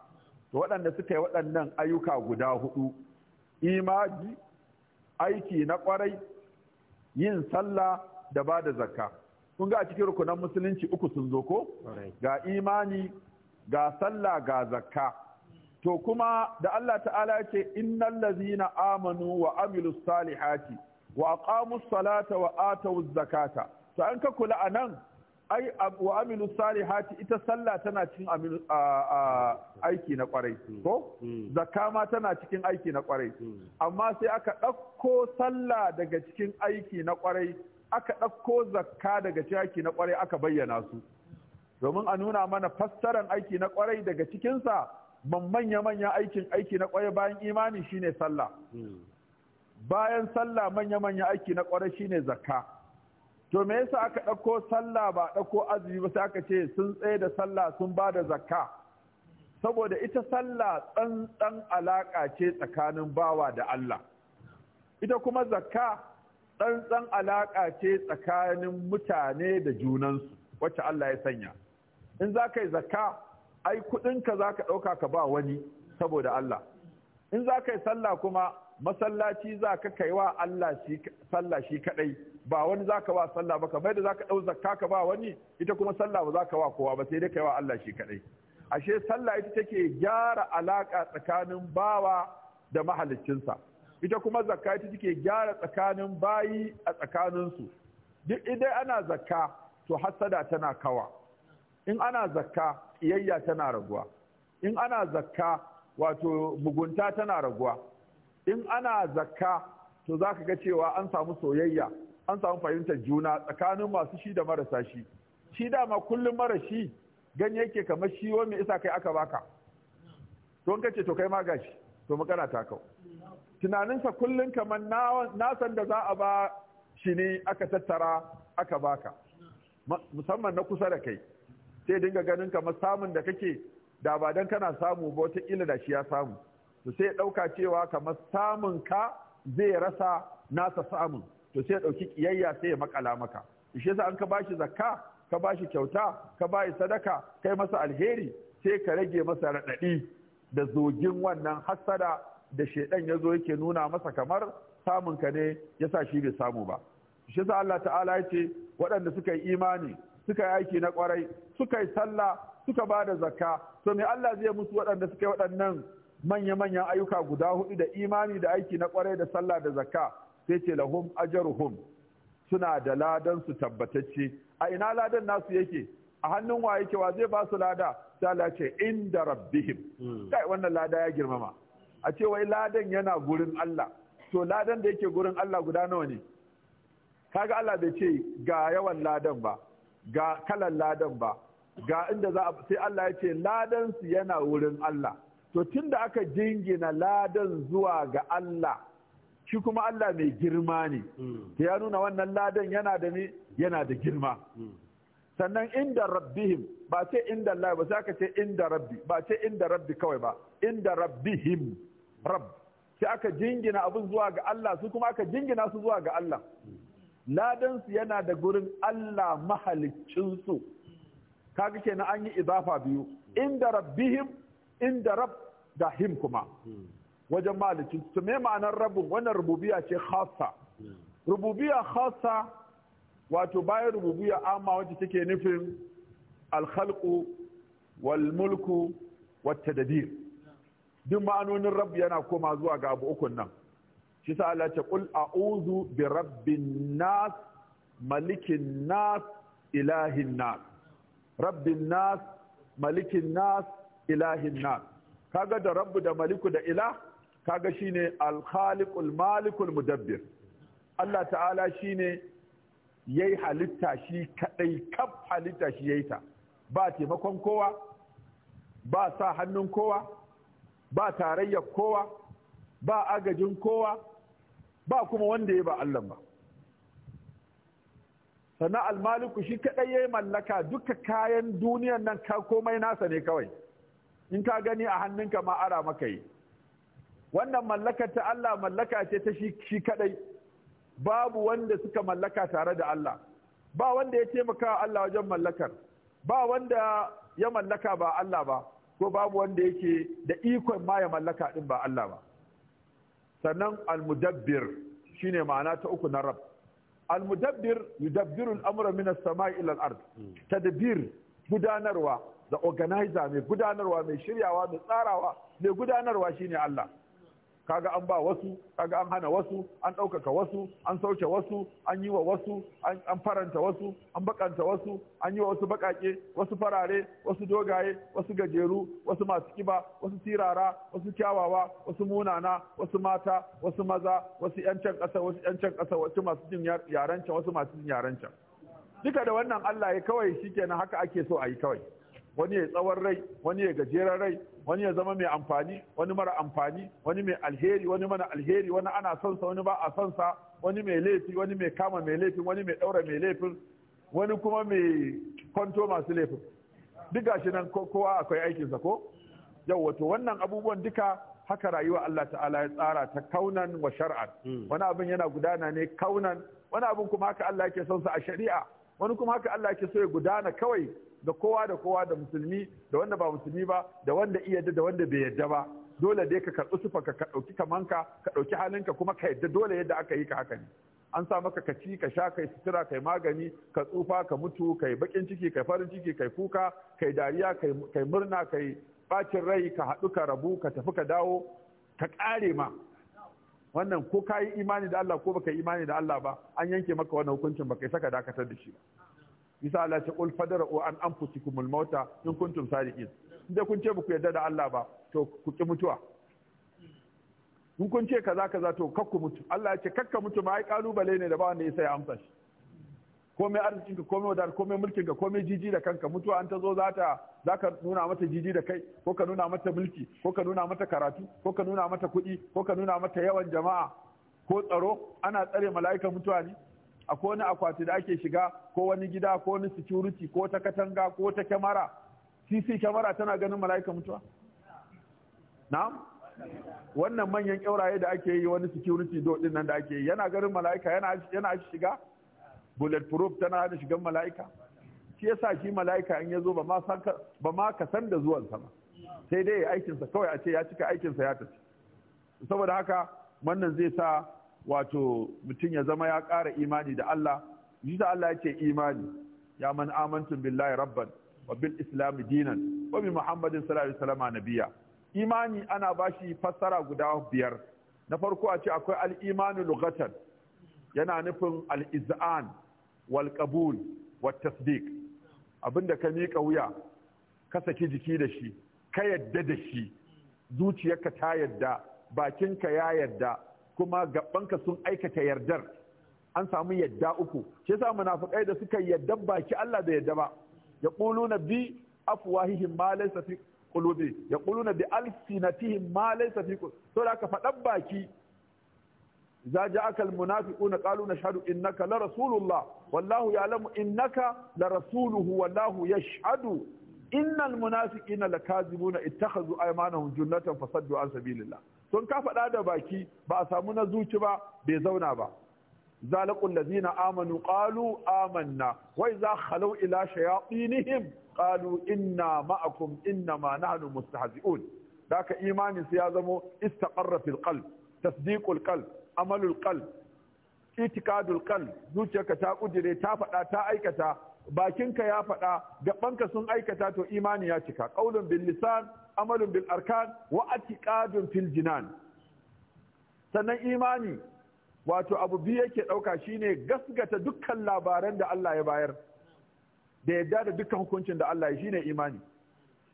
S2: to waɗanda suka yi waɗannan ayyuka guda hudu Imaji aiki na kwarai yin sallah da ba da zakka kun ga a cikin rukunan musulunci uku sun zo ko ga imani ga sallah ga zakka to kuma da Allah ta'ala ce innal ladzina amanu wa amilus salihati wa aqamus salata wa atawuz zakata to an ka kula anan ai wa amilu salihati ita sallah tana cikin aiki na kwarai hmm. ko hmm. zakka ma tana cikin aiki na kwarai hmm. amma sai aka ɗauko sallah daga cikin aiki na kwarai aka ɗauko zakka daga cikin aiki na kwarai aka bayyana su domin a nuna mana fassaran aiki na kwarai daga cikinsa ban manya manyan aikin aiki na kwarai bayan imani shine sallah bayan sallah manya manyan aiki na kwarai shine zakka to me yasa aka ɗauko sallah ba ɗauko azumi ba sai aka ce sun tsaye da sallah sun ba da zakka saboda ita sallah tsantsan alaƙa ce tsakanin bawa da Allah ita kuma zakka tsantsan alaƙa ce tsakanin mutane da junansu wacce Allah ya sanya in za ka yi zakka ai kuɗinka za ka ɗauka ka ba wani saboda Allah in za ka yi sallah kuma masallaci za ka kai wa Allah sallah shi kaɗai ba wani za ka ba sallah ba kamar da ka ɗau zakka ka ba wani ita kuma sallah ba za ka ba kowa ba sai dai kai wa Allah shi kaɗai. ashe sallah ita take gyara alaƙa tsakanin bawa da mahaliccinsa ita kuma zakka ita take gyara tsakanin bayi a tsakaninsu duk idan ana zakka to hasada tana kawa in ana zakka ƙiyayya tana raguwa in ana zakka wato mugunta tana raguwa in ana zakka to za ka ga cewa an samu soyayya an samu fahimtar juna tsakanin masu shi da marasa shi shi dama kullum mara shi gani yake kamar shi wani isa kai aka baka to in kace to kai ma gashi to magana ta kau tunaninsa kullum kamar san da za a ba shi ne aka tattara aka baka musamman na kusa da kai sai dinga ganin kamar samun da kake da ba dan kana samu ba wata ila da shi ya samu to sai ɗauka cewa kamar samun ka zai rasa nasa samun to sai ya dauki kiyayya sai ya makala maka shi yasa an ka bashi zakka ka bashi kyauta ka bashi sadaka kai masa alheri sai ka rage masa raɗaɗi da zogin wannan hassada da shedan ya zo yake nuna masa kamar samun ka ne yasa shi bai samu ba shi yasa Allah ta'ala ya ce waɗanda suka yi imani suka yi aiki na kwarai suka yi sallah suka ba da zakka to me Allah zai musu waɗanda suka yi waɗannan manya-manyan ayyuka guda hudu da imani da aiki na kwarai da sallah da zakka sai ce lahum ajaruhum suna da ladan su tabbatacce a ina ladan nasu yake a hannun wa yake wa zai ba su lada sai Allah ce inda rabbihim hmm. kai wannan lada ya girmama a ce wai ladan yana gurin Allah to ladan da yake gurin Allah guda nawa ne kaga Allah bai ce ga yawan ladan ba ga kalan ladan ba ga inda za sai Allah ya ce ladan su yana wurin Allah to tunda aka jingina ladan zuwa ga Allah shi kuma Allah mai girma ne hmm. ta ya nuna wannan ladan yana da ne yana da girma hmm. sannan inda rabbihim ba ce inda Allah ba ka ce inda rabbi ba ce inda rabbi kawai ba inda rabbihim rabb sai aka jingina abin zuwa ga Allah su kuma aka jingina su zuwa ga Allah hmm. Ladansu yana da gurin Allah mahalicinsu ga kaga kenan an yi idafa biyu inda rabbihim inda rabb da him kuma wajen malikin su me ma'anar rabin wannan rububiya ce khassa rububiya khassa wato bayan rububiya amma wacce take nufin alkhalqu walmulku, wata da biyu. duk ma'anonin rabu yana koma zuwa ga abu ukun nan shi sa Allah ce qul a'udhu bi rabbin nas malikin nas ilahin nas rabbin nas malikin nas ilahin nas kaga da rabbu da maliku da ilah kaga shine al malikul mudabbir Allah ta'ala shine yayi halitta shi kaɗai, kaf halitta shi yayi ta ba taimakon kowa ba sa hannun kowa ba tarayyar kowa ba agajin kowa ba kuma wanda ya ba Allah ba sannan almaliku shi kaɗai ya yi mallaka duka kayan duniyan nan ka komai nasa ne kawai in ka gani a hannunka ma ara maka yi wannan mallakar ta Allah mallaka ce ta shi kadai babu wanda suka mallaka tare da Allah ba wanda ya taimaka Allah wajen mallakar ba wanda ya mallaka ba Allah ba ko babu wanda yake da ikon ma ya mallaka din ba Allah ba sannan almudabbir shine ma'ana ta uku na rab almudabbir yudabbiru al'amura min as-sama'i ila al-ard tadbir gudanarwa da organizer mai gudanarwa mai shiryawa mai tsarawa mai gudanarwa shine Allah kaga an ba wasu kaga an hana wasu an ɗaukaka wasu an sauke wasu an yi wa wasu an faranta wasu an baƙanta wasu an yi wa wasu baƙaƙe, wasu farare wasu dogaye wasu gajeru wasu masu kiba wasu sirara wasu kyawawa wasu munana wasu mata wasu maza wasu yancan ƙasa wasu yancan ƙasa wasu masu jin yarancan wasu masu jin yarancan duka da wannan Allah ya kawai shikenan haka ake so a yi kawai wani ya tsawon rai wani ya gajeren rai wani ya zama mai amfani wani mara amfani wani mai alheri wani mana alheri wani ana son sa wani ba a son sa wani mai laifi wani mai kama mai laifin wani mai daura mai laifin wani kuma mai kwanto masu laifin duk gashi nan kowa akwai aikinsa ko yau wato wannan abubuwan duka haka rayuwa Allah ta'ala ya tsara ta kaunan wa shar'an hmm. wani abin yana gudana ne kaunan wani abin kuma haka Allah yake son sa a shari'a wani kuma haka Allah yake so ya gudana kawai da kowa da kowa da musulmi da wanda ba musulmi ba da wanda iya da wanda bai yadda ba dole dai ka karɓi sufa ka ɗauki kamanka ka ɗauki halinka kuma ka yadda dole yadda aka yi ka haka ne an sa maka ka ci ka sha kai sutura kai magani ka tsufa ka mutu kai bakin ciki kai farin ciki kai kuka kai dariya kai murna kai bacin rai ka haɗu ka rabu ka tafi ka dawo ka ƙare ma wannan ko ka yi imani da Allah ko baka yi imani da Allah ba an yanke maka wannan hukuncin baka yi saka dakatar da shi ba bisa Allah ce fadara o an anfusikum al-mauta in kuntum sadiqin da kun ce ku yarda da Allah ba to ku ki mutuwa in kun ce kaza kaza to kakku mutu Allah ya ce kakka mutu ma ai kalubale ne da ba wanda ya sai amsa shi komai arzikinka komai wadar komai ko komai jiji da kanka mutuwa an ta zo za ta za ka nuna mata jiji da kai ko ka nuna mata mulki ko ka nuna mata karatu ko ka nuna mata kuɗi ko ka nuna mata yawan jama'a ko tsaro ana tsare mala'ikan mutuwa ne akwai wani akwati da ake shiga ko wani gida ko wani security ko ta katanga ko ta kyamara cc kyamara tana ganin mala'ika mutuwa na'am wannan manyan kyauraye da ake yi wani security do din nan da ake yi yana ganin mala'ika yana yana shiga bullet proof tana hana shigan mala'ika shi yasa shi mala'ika in ya zo ba ma san ba ma ka san da zuwan sama sai dai aikinsa kawai a ce ya cika aikinsa ya tafi saboda haka wannan zai sa wato mutum ya zama ya ƙara imani da Allah yi da Allah yake imani ya man amantun billahi rabban wa bil islam dinan wa bi muhammadin sallallahu alaihi wasallam nabiyya imani ana bashi fassara guda biyar na farko a ce akwai al imani lughatan yana nufin al-iz'an wal qabul wat tasdiq abinda ka mika wuya ka saki jiki da shi ka yadda da shi zuciyarka ta yadda bakinka ya yadda kuma gabanka sun aikata yardar an samu yadda uku shi yasa munafikai da suka yadda baki Allah da yadda ba yaquluna bi afwahihim ma laysa fi qulubi yaquluna bi alsinatihim ma laysa fi to da ka faɗan baki za ja'aka almunafiquna qalu nashhadu innaka la rasulullah wallahu ya'lamu innaka la rasuluhu wallahu yashhadu innal munafiqina lakazibuna ittakhadhu aymanahum junnatan fasaddu an sabilillah sun ka faɗa da baki ba a samu na zuci ba bai zauna ba zalaqul ladzina amanu qalu amanna wa idza khalu ila shayatinihim qalu inna ma'akum inna nahnu mustahzi'un daka imani sai ya zamo istaqarra fil qalb tasdiqul qalb amalul qalb itikadul qalb zuciyarka ta kudire ta faɗa ta aikata bakinka ya faɗa gaɓanka sun aikata to imani ya cika ƙaunin bil lisan amalin bil arkan wa atiqadun fil jinan sannan imani wato abu biyu yake ɗauka shine gasgata dukkan labaran da Allah ya bayar da yadda da dukkan hukuncin da Allah ya shine imani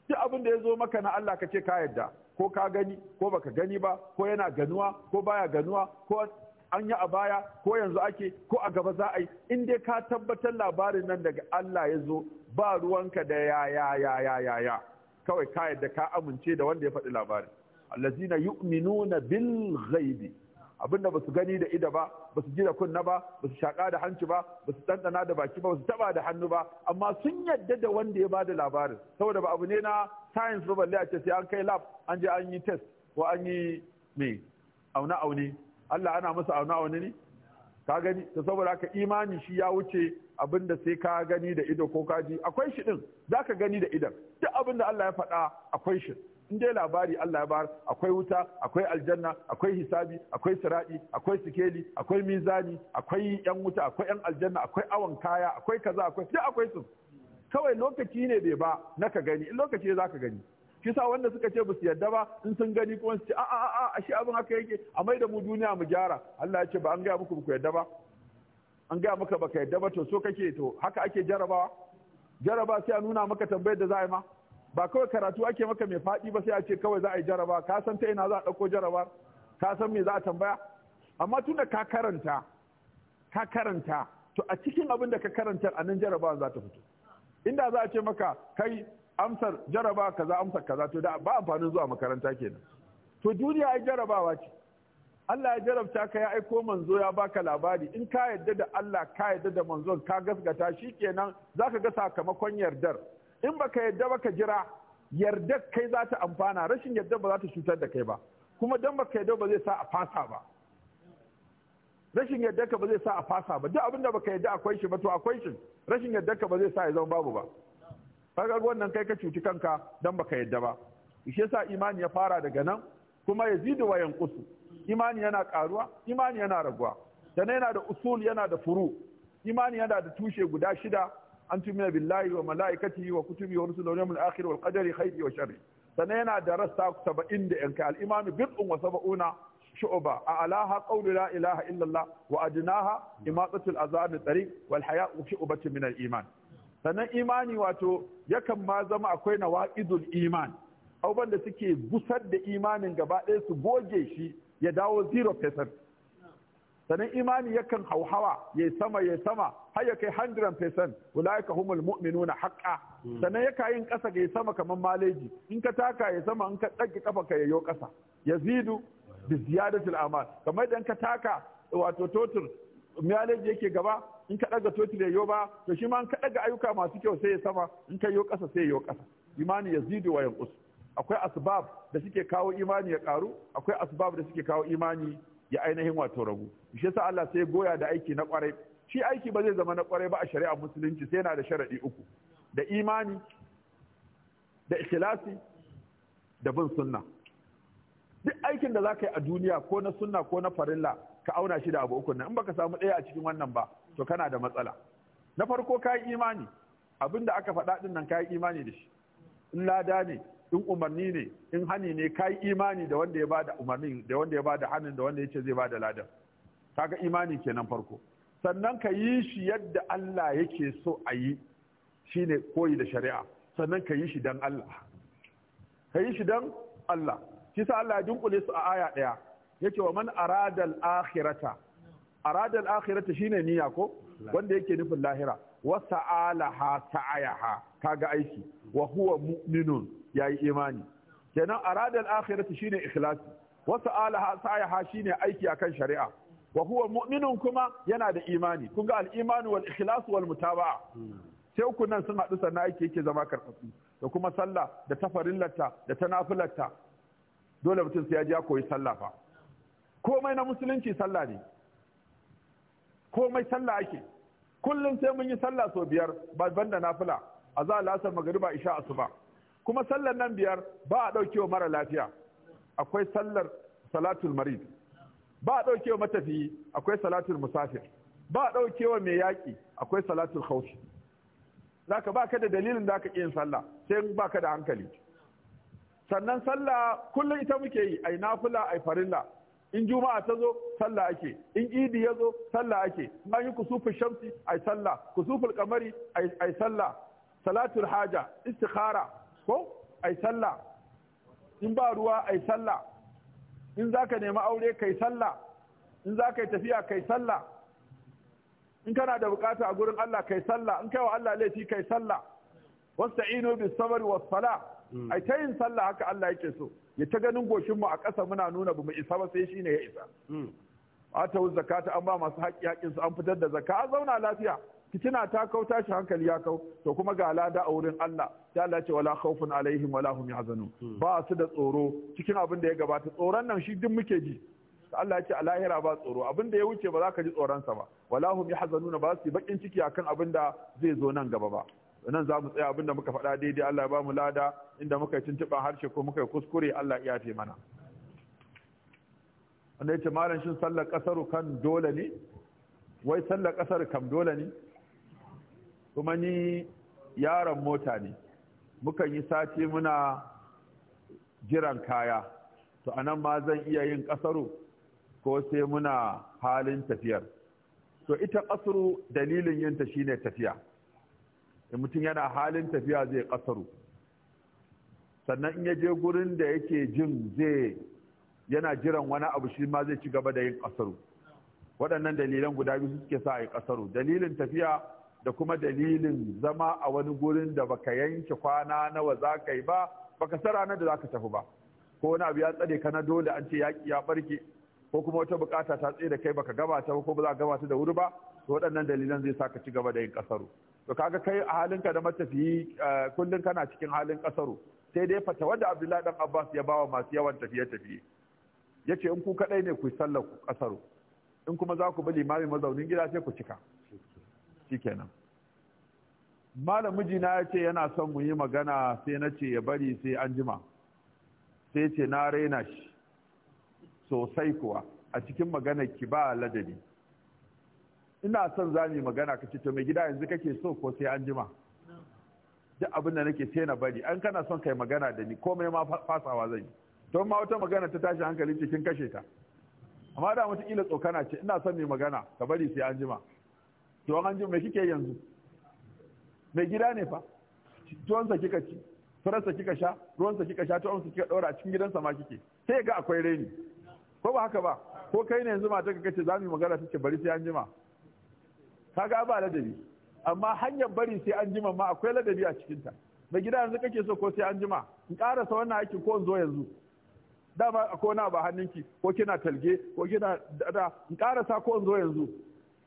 S2: duk abin da ya zo maka na Allah ka ce ka yadda ko ka gani ko baka gani ba ko yana ganuwa ko baya ganuwa ko an yi a baya ko yanzu ake ko a gaba za a yi in dai ka tabbatar labarin nan daga Allah ya zo ba ruwanka da ya ya ya ya ya ya kawai ka yadda ka amince da wanda ya faɗi labarin allazina yu'minuna bil ghaibi abinda basu gani da ida ba basu ji da kunna ba basu shaka da hanci ba basu dandana da baki ba basu taba da hannu ba amma sun yadda da wanda ya bada labarin saboda ba abu ne na science ba balle a ce sai an kai lab an je an yi test ko an yi me auna aune Allah ana masa auna wani ne ka gani ta saboda haka imani shi ya wuce abinda sai ka gani da ido ko ka ji akwai shi din zaka gani da idan duk abinda Allah ya faɗa akwai shi in dai labari Allah ya bar. akwai wuta akwai aljanna akwai hisabi akwai siradi akwai sikeli akwai mizani akwai yan wuta akwai yan aljanna akwai awan kaya akwai kaza akwai duk akwai su kawai lokaci ne bai ba na ka gani in lokaci ne ka gani kisa wanda suka ce basu yarda ba in sun gani kuma su ce a a'a ashe abin haka yake a mai da mu duniya mu gyara Allah ya ce ba an gaya muku ku yarda ba an gaya maka baka yarda ba to so kake to haka ake jarabawa jaraba sai a nuna maka tambayar da za a yi ma ba kawai karatu ake maka mai faɗi ba sai a ce kawai za a yi jaraba ka san ta ina za a ɗauko jaraba ka san me za a tambaya amma tun da ka karanta ka karanta to a cikin abin da ka karanta a nan za ta fito inda za a ce maka kai amsar jaraba kaza amsar kaza to da ba amfanin zuwa makaranta kenan to duniya ai jarabawa ce Allah ya jarabta ka ya aiko manzo ya baka labari in ka yarda da Allah ka yarda da manzon ka gasgata shikenan zaka ga sakamakon yardar in baka yarda baka jira yarda kai za ta amfana rashin yarda ba za ta cutar da kai ba kuma dan baka yarda ba zai sa a fasa ba rashin yarda ka ba zai sa a fasa ba duk abinda baka yarda akwai shi ba to akwai shi rashin yarda ka ba zai sa ya zama babu ba kaga wannan kai ka cuci kanka dan baka yadda ba shi yasa imani ya fara daga nan kuma yazidu wa yanqusu imani yana karuwa imani yana raguwa sannan yana da usul yana da furu imani yana da tushe guda shida an tumina billahi wa malaikatihi wa kutubi wa rusulihi wal yawmil akhir wal qadari khairi wa sharri sannan yana da rasta 70 da yanka al imanu bid'un wa sab'una a alaha qawlu la ilaha illallah wa adnaha imatatul azan tariq wal haya'u shu'batun iman sannan imani wato yakan ma zama akwai na wa'idul iman abubuwan da suke busar da imanin gaba ɗaya su goge shi ya dawo zero percent sannan imani yakan hauhawa ya sama ya sama har ya kai 100% ka humul mu'minuna haƙa hmm. sannan yaka yin ƙasa ga ya sama kamar maleji in ka taka ya sama in ka ɗage ƙafa ka yayo ƙasa ya zidu bi da amal kamar idan ka taka wato totur maleji yake gaba in ka ɗaga toti da yoba to shi ma in ka daga ayyuka masu kyau sai ya sama in ka yi kasa sai ya yo kasa imani yazidu wa yanqus akwai asbab da suke kawo imani ya karu akwai asbab da suke kawo imani ya ainihin wato ragu shi yasa Allah sai goya da aiki na kwarai shi aiki ba zai zama na kwarai ba a shari'a musulunci sai yana da sharadi uku da imani da ikhlasi da bin sunna duk aikin da za ka yi a duniya ko na sunna ko na farilla ka auna shi da abu uku nan in baka samu ɗaya a cikin wannan ba to kana da matsala na farko kayi imani abinda aka faɗa din nan kayi imani da shi in lada ne in umarni ne in hani ne kai imani da wanda ya bada umarnin da wanda ya bada hanin da wanda ya ce zai bada ladan kaga imani kenan farko sannan ka yi shi yadda Allah yake so a yi shine koyi da shari'a sannan ka yi shi dan Allah ka yi shi dan Allah shi sa Allah ya dunkule su a aya ɗaya yake wa man aradal akhirata arada al-akhirata shine niyya ko wanda yake nufin lahira wa sa'alaha ta'ayaha kaga aiki wa huwa mu'minun yayi imani kenan arada al-akhirata shine ikhlasi wa sa'alaha ta'ayaha shine aiki akan shari'a wa huwa mu'minun kuma yana da imani kun ga al-imanu wal ikhlasu wal mutaba'a sai uku nan sun haɗu sannan aiki yake zama karfafi da kuma sallah da tafarillarta da ta nafilarta dole mutum sai ya je ya koyi sallah fa komai na musulunci sallah ne komai sallah ake kullum sai mun yi sallah sau biyar ba banda nafila a za lasar magariba isha ba. kuma sallar nan biyar ba a ɗaukewa mara lafiya akwai sallar salatul marid ba a ɗaukewa matafiyi akwai salatul musafir ba a ɗaukewa mai yaƙi akwai salatul Za ka ba ka da dalilin da ka yin sallah sai ba ka da hankali sannan sallah kullum ita muke yi ai nafila ai farilla in juma'a ta zo sallah ake in idi ya zo sallah ake an yi kusufu shamsi ai sallah kusuful kamari ai sallah salatul haja istikhara ko ai sallah in ba ruwa ai sallah in za ka nemi aure kai sallah in zaka yi tafiya kai sallah in kana da bukata a gurin Allah kai sallah in kaiwa Allah laifi kai sallah wasta'inu bis sabr was sala hmm. ai ta tayin sallah haka Allah yake so ya ta ganin goshin mu a ƙasa muna nuna mu isa ba sai shi ne ya isa ata hmm. ta an ba masu haƙƙi haƙƙin su an fitar da zaka an zauna lafiya fitina ta kau tashi hankali ya kau to kuma ga lada a wurin Allah ta Allah ce wala khawfun alaihim wala hum yahzanun hmm. ba su da tsoro cikin abin da ya gabata tsoron nan shi duk muke ji Allah ce a lahira ba tsoro abin da ya wuce ba za ka ji tsoron sa ba wala hum na ba su yi bakin ciki akan abin da zai zo nan gaba ba nan za mu tsaya abinda muka faɗa daidai Allah ya ba mu lada inda muka yi tuntuɓa harshe ko muka yi kuskure Allah ya fi mana wanda yace malam shi sallar ƙasar kan dole ne wai sallar kasar kan dole ne kuma ni yaron mota ne mukan yi sati muna jiran kaya to a nan ma zan iya yin ƙasaru ko sai muna halin tafiyar to ita kasru dalilin yinta shine tafiya in mutum yana halin tafiya zai kasaru sannan in ya je gurin da yake jin zai yana jiran wani abu shi ma zai ci gaba da yin kasaru waɗannan dalilan guda biyu suke sa a yi kasaru dalilin tafiya da kuma dalilin zama a wani gurin da baka yanke kwana nawa za ka yi ba baka sa ranar da za ka tafi ba ko wani abu ya tsare ka na dole an ce yaƙi ya ɓarke ko kuma wata bukata ta tsaye da kai baka gabata ko ba za ka gabata da wuri ba to waɗannan dalilan zai sa ka ci gaba da yin kasaru to kaga kai a halinka da matafiyi eh, kullum kana cikin halin kasaru sai dai fata wanda abdullahi dan abbas ya bawa masu yawan tafiye tafiye ya ce in ku kadai ne ku sallar ku kasaru in kuma za ku bi limamin mazaunin gida sai ku cika shikenan malam mijina ya ce yana son mu yi magana sai na ce ya bari sai an jima sai ce na raina shi sosai kuwa a cikin maganar ki ba ladabi ina son za mu magana ka ce to mai gida yanzu kake so ko sai an jima duk abin da nake sai na bari an kana son kai magana da ni komai ma fasawa zan yi to ma wata magana ta tashi hankali cikin kashe ta amma da mutu kila tsokana ce ina son mai magana ka bari sai an jima to an jima me kike yanzu mai gida ne fa tuwansa kika ci fararsa kika sha ruwansa kika sha tuwansa kika daura a cikin gidansa ma kike sai ga akwai reni ko ba haka ba ko kai ne yanzu mata ka kace za mu magana ce bari sai an jima kaga ba ladabi amma hanyar bari sai an jima ma akwai ladabi a cikinta da gida yanzu kake so ko sai an jima in karasa wannan aikin ko in zo yanzu dama ko na ba hannunki ko kina talge ko kina da in karasa ko in zo yanzu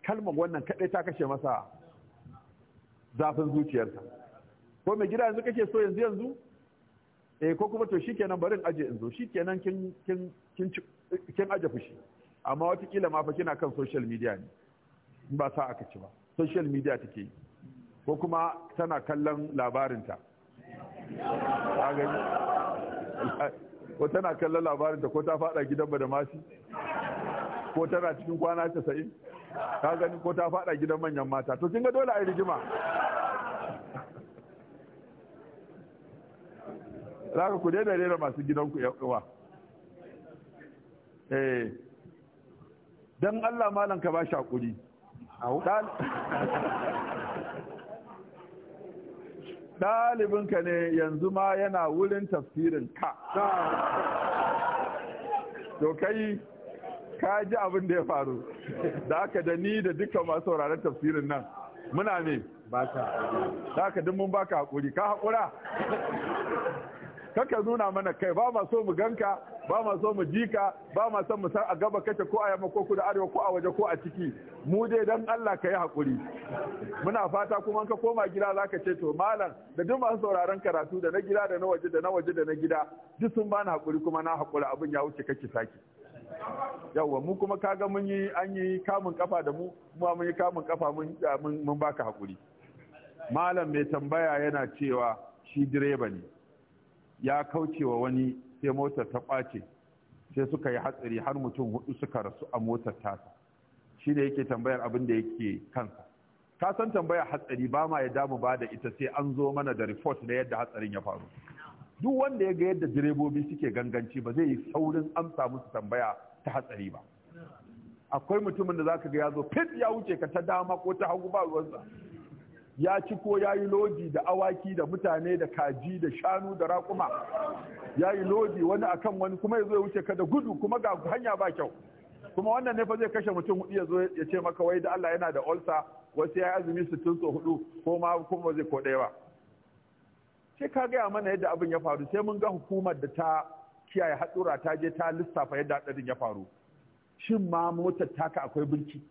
S2: kalmar wannan kadai ta kashe masa zafin zuciyarsa ko mai gida yanzu kake so yanzu yanzu eh ko kuma to shikenan barin aje in zo shikenan kin kin kin aje fushi amma watakila ma fa kina kan social media ne ba sa aka ci ba social media take yi ko kuma tana kallon labarinta ko tana kallon labarinta ko ta fada gidan ba da masu ko tana cikin kwana casa'in ta gani ko ta fada gidan manyan mata to kin ga dole a yi rigima za ka ku daidai da masu gidanku uwa eh don allah malam ka ba shakuri. hakuri ɗalibinka ne yanzu ma yana wurin tafsirin ka to kai ka ji abin da ya faru da aka da ni da dukkan masu sauraron tafsirin nan muna ne ba ka da aka ba baka haƙuri ka haƙura kaka nuna mana kai ba ma so mu ganka ba ma so mu jika ba ma son mu san a gaba kake ko a yamma ko kudu arewa ko a waje ko a ciki mu dai dan Allah ka yi hakuri muna fata kuma ka koma gida zaka ce to malam da duk masu sauraron karatu da na gida da na waje da na waje da na gida duk sun bani hakuri kuma na hakura abin ya wuce kake saki yawa mu kuma kaga mun yi an yi kamun kafa da mu mu mun yi kamun kafa mun mun baka hakuri malam mai tambaya yana cewa shi direba ne ya kauce wa wani sai motar ta kwace sai suka yi hatsari har mutum hudu suka rasu a motar tasa shi ne yake tambayar abin da yake kansa ka san tambayar hatsari ba ma ya damu ba da ita sai an zo mana da report na yadda hatsarin ya faru duk wanda ya ga yadda direbobi suke ganganci ba zai yi saurin amsa musu tambaya ta hatsari ba akwai mutumin da zaka ga ya zo fit ya wuce ka ta dama ko ta hagu ba ruwansa ya ci ko ya yi lodi da awaki da mutane da kaji da shanu da raƙuma ya yi lodi wani akan wani kuma ya zo ya wuce ka da gudu kuma ga hanya ba kyau kuma wannan ne fa zai kashe mutum hudu ya zo ya ce maka wai da Allah yana da olsa wasu ya yi azumi sittin so hudu ko ma kuma zai ko ɗaya ba sai ka gaya mana yadda abin ya faru sai mun ga hukumar da ta kiyaye hatsura ta je ta lissafa yadda haɗarin ya faru shin ma motar taka akwai birki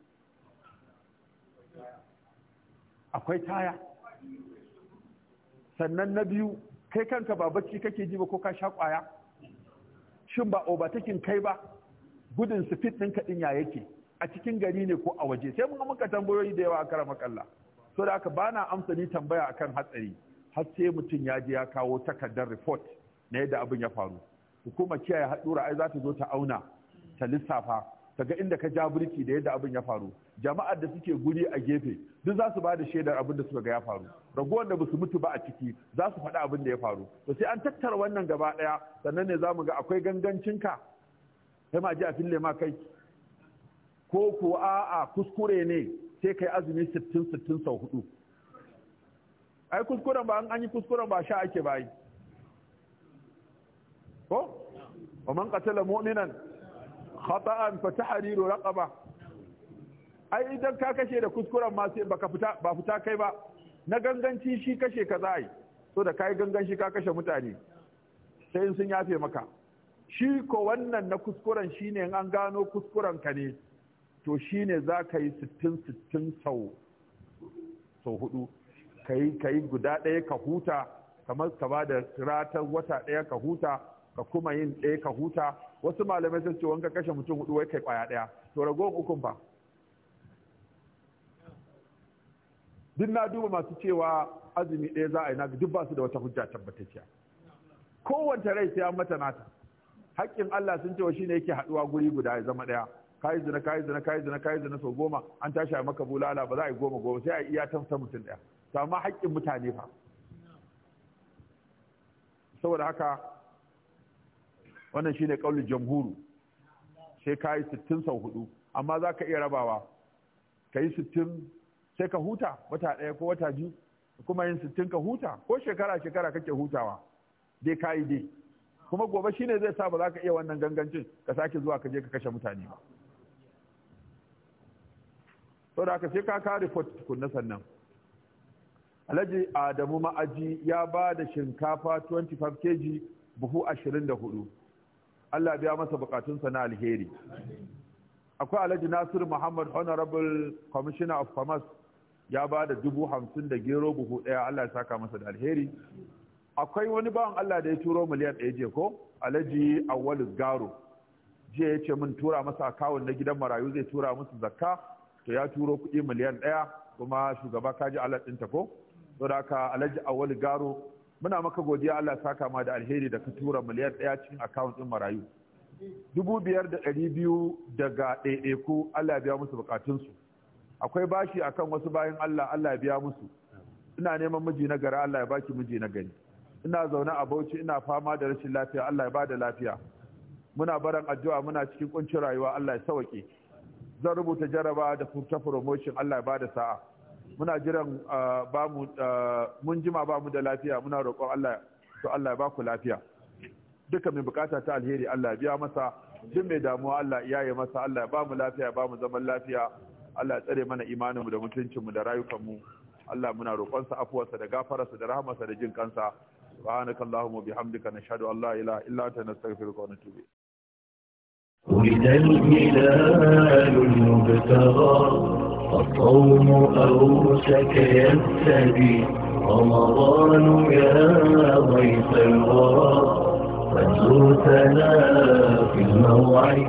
S2: akwai taya sannan na biyu kai kanka ba bacci kake ji ba ko ka sha kwaya shin ba obatakin kai ba gudun ɗinka ɗin kaɗin ya yake a cikin gari ne ko a waje sai mun muka tambayoyi da yawa a kara makalla so da aka bana amsa ni tambaya akan hatsari har sai mutum ya je ya kawo takardar report na yadda abin ya faru hukumar kiyaye haɗura ai za ta zo ta auna ta lissafa kaga inda ka ja burki da yadda abin ya faru jama'ar da suke guri a gefe duk za su ba shaidar abin da suka ga ya faru ragowar da basu mutu ba a ciki za su faɗi abin da ya faru to sai an tattara wannan gaba ɗaya sannan ne za mu ga akwai gangancinka sai ma ji a fille ma kai ko ko a'a kuskure ne sai kai azumi sittin sittin sau hudu ai kuskuren ba an yi kuskuren ba sha ake bayi yi ko wa man qatala mu'minan khata'an fa tahriru raqaba ai idan ka kashe da kuskuren ma sai baka fita ba fita kai ba na ganganci shi kashe ka za yi so da kai ganganci ka kashe mutane sai in sun yafe maka shi ko wannan na kuskuren shine in an gano kuskuren ka ne to shine za ka yi sittin sittin sau sau hudu ka yi guda ɗaya ka huta kamar ka ba da ratar wata ɗaya ka huta ka kuma yin ɗaya ka huta wasu malamai sun ce wanka kashe mutum hudu wai kai kwaya daya to ragowar ukun fa duk na duba masu cewa azumi ɗaya za a yi naga duk ba su da wata hujja tabbatacciya kowace rai sai an mata nata haƙƙin Allah sun cewa shine yake haɗuwa guri guda ya zama ɗaya kayi zina kayi zina kayi zina kayi zina sau goma an tashi a maka bulala ba za a yi goma goma sai a iya ta mutum ɗaya to amma haƙƙin mutane fa saboda haka wannan shine kaulin jamhuru sai ka yi sittin sau hudu amma za ka iya rabawa ka yi sittin sai ka huta wata ɗaya ko wata biyu kuma yin sittin ka huta ko shekara shekara kake hutawa dai ka yi dai kuma gobe shine zai sa ba za ka iya wannan gangancin ka sake zuwa ka je ka kashe mutane ba da aka sai ka ka report kunna sannan alhaji adamu ma'aji ya ba da shinkafa 25 kg buhu 24 Allah biya masa bukatunsa na alheri akwai alhaji nasir muhammad honorable commissioner of commerce ya ba da dubu hamsin da gero buhu ɗaya allah ya saka masa da alheri akwai wani bawan allah da ya turo miliyan ɗaya je ko alhaji awwal garo jiya ya ce min tura masa akawun na gidan marayu zai tura musu zakka to ya turo kuɗi miliyan ɗaya kuma shugaba kaji alat ɗinta ko saboda haka alhaji awwal garo muna maka godiya Allah saka ma da alheri da ka tura miliyan ɗaya cikin account ɗin marayu dubu biyar da ɗari biyu daga ɗaiɗaiku Allah ya biya musu su akwai bashi akan wasu bayan Allah Allah ya biya musu ina neman miji na gari Allah ya baki miji na gari ina zaune a Bauchi ina fama da rashin lafiya Allah ya bada lafiya muna baran addu'a muna cikin kuncin rayuwa Allah ya sauke zan rubuta jaraba da furta promotion Allah ya bada sa'a muna jiran ba mu mun jima ba mu da lafiya muna roƙon Allah to Allah ya ba ku lafiya duka mai bukata ta alheri Allah ya biya masa duk mai damuwa Allah ya yi masa Allah ya ba mu lafiya ba mu zaman lafiya Allah ya tsare mana imanin mu da mutuncin mu da rayukan mu Allah muna roƙon sa afuwarsa da gafararsa da rahamarsa da jin kansa subhanaka allahumma bihamdika nashhadu an la ilaha illa anta nastaghfiruka wa natubu
S1: ولد الهلال المبتغى الصوم أوشك يبتدي رمضان يا ضيف الورى فانزلتنا في الموعد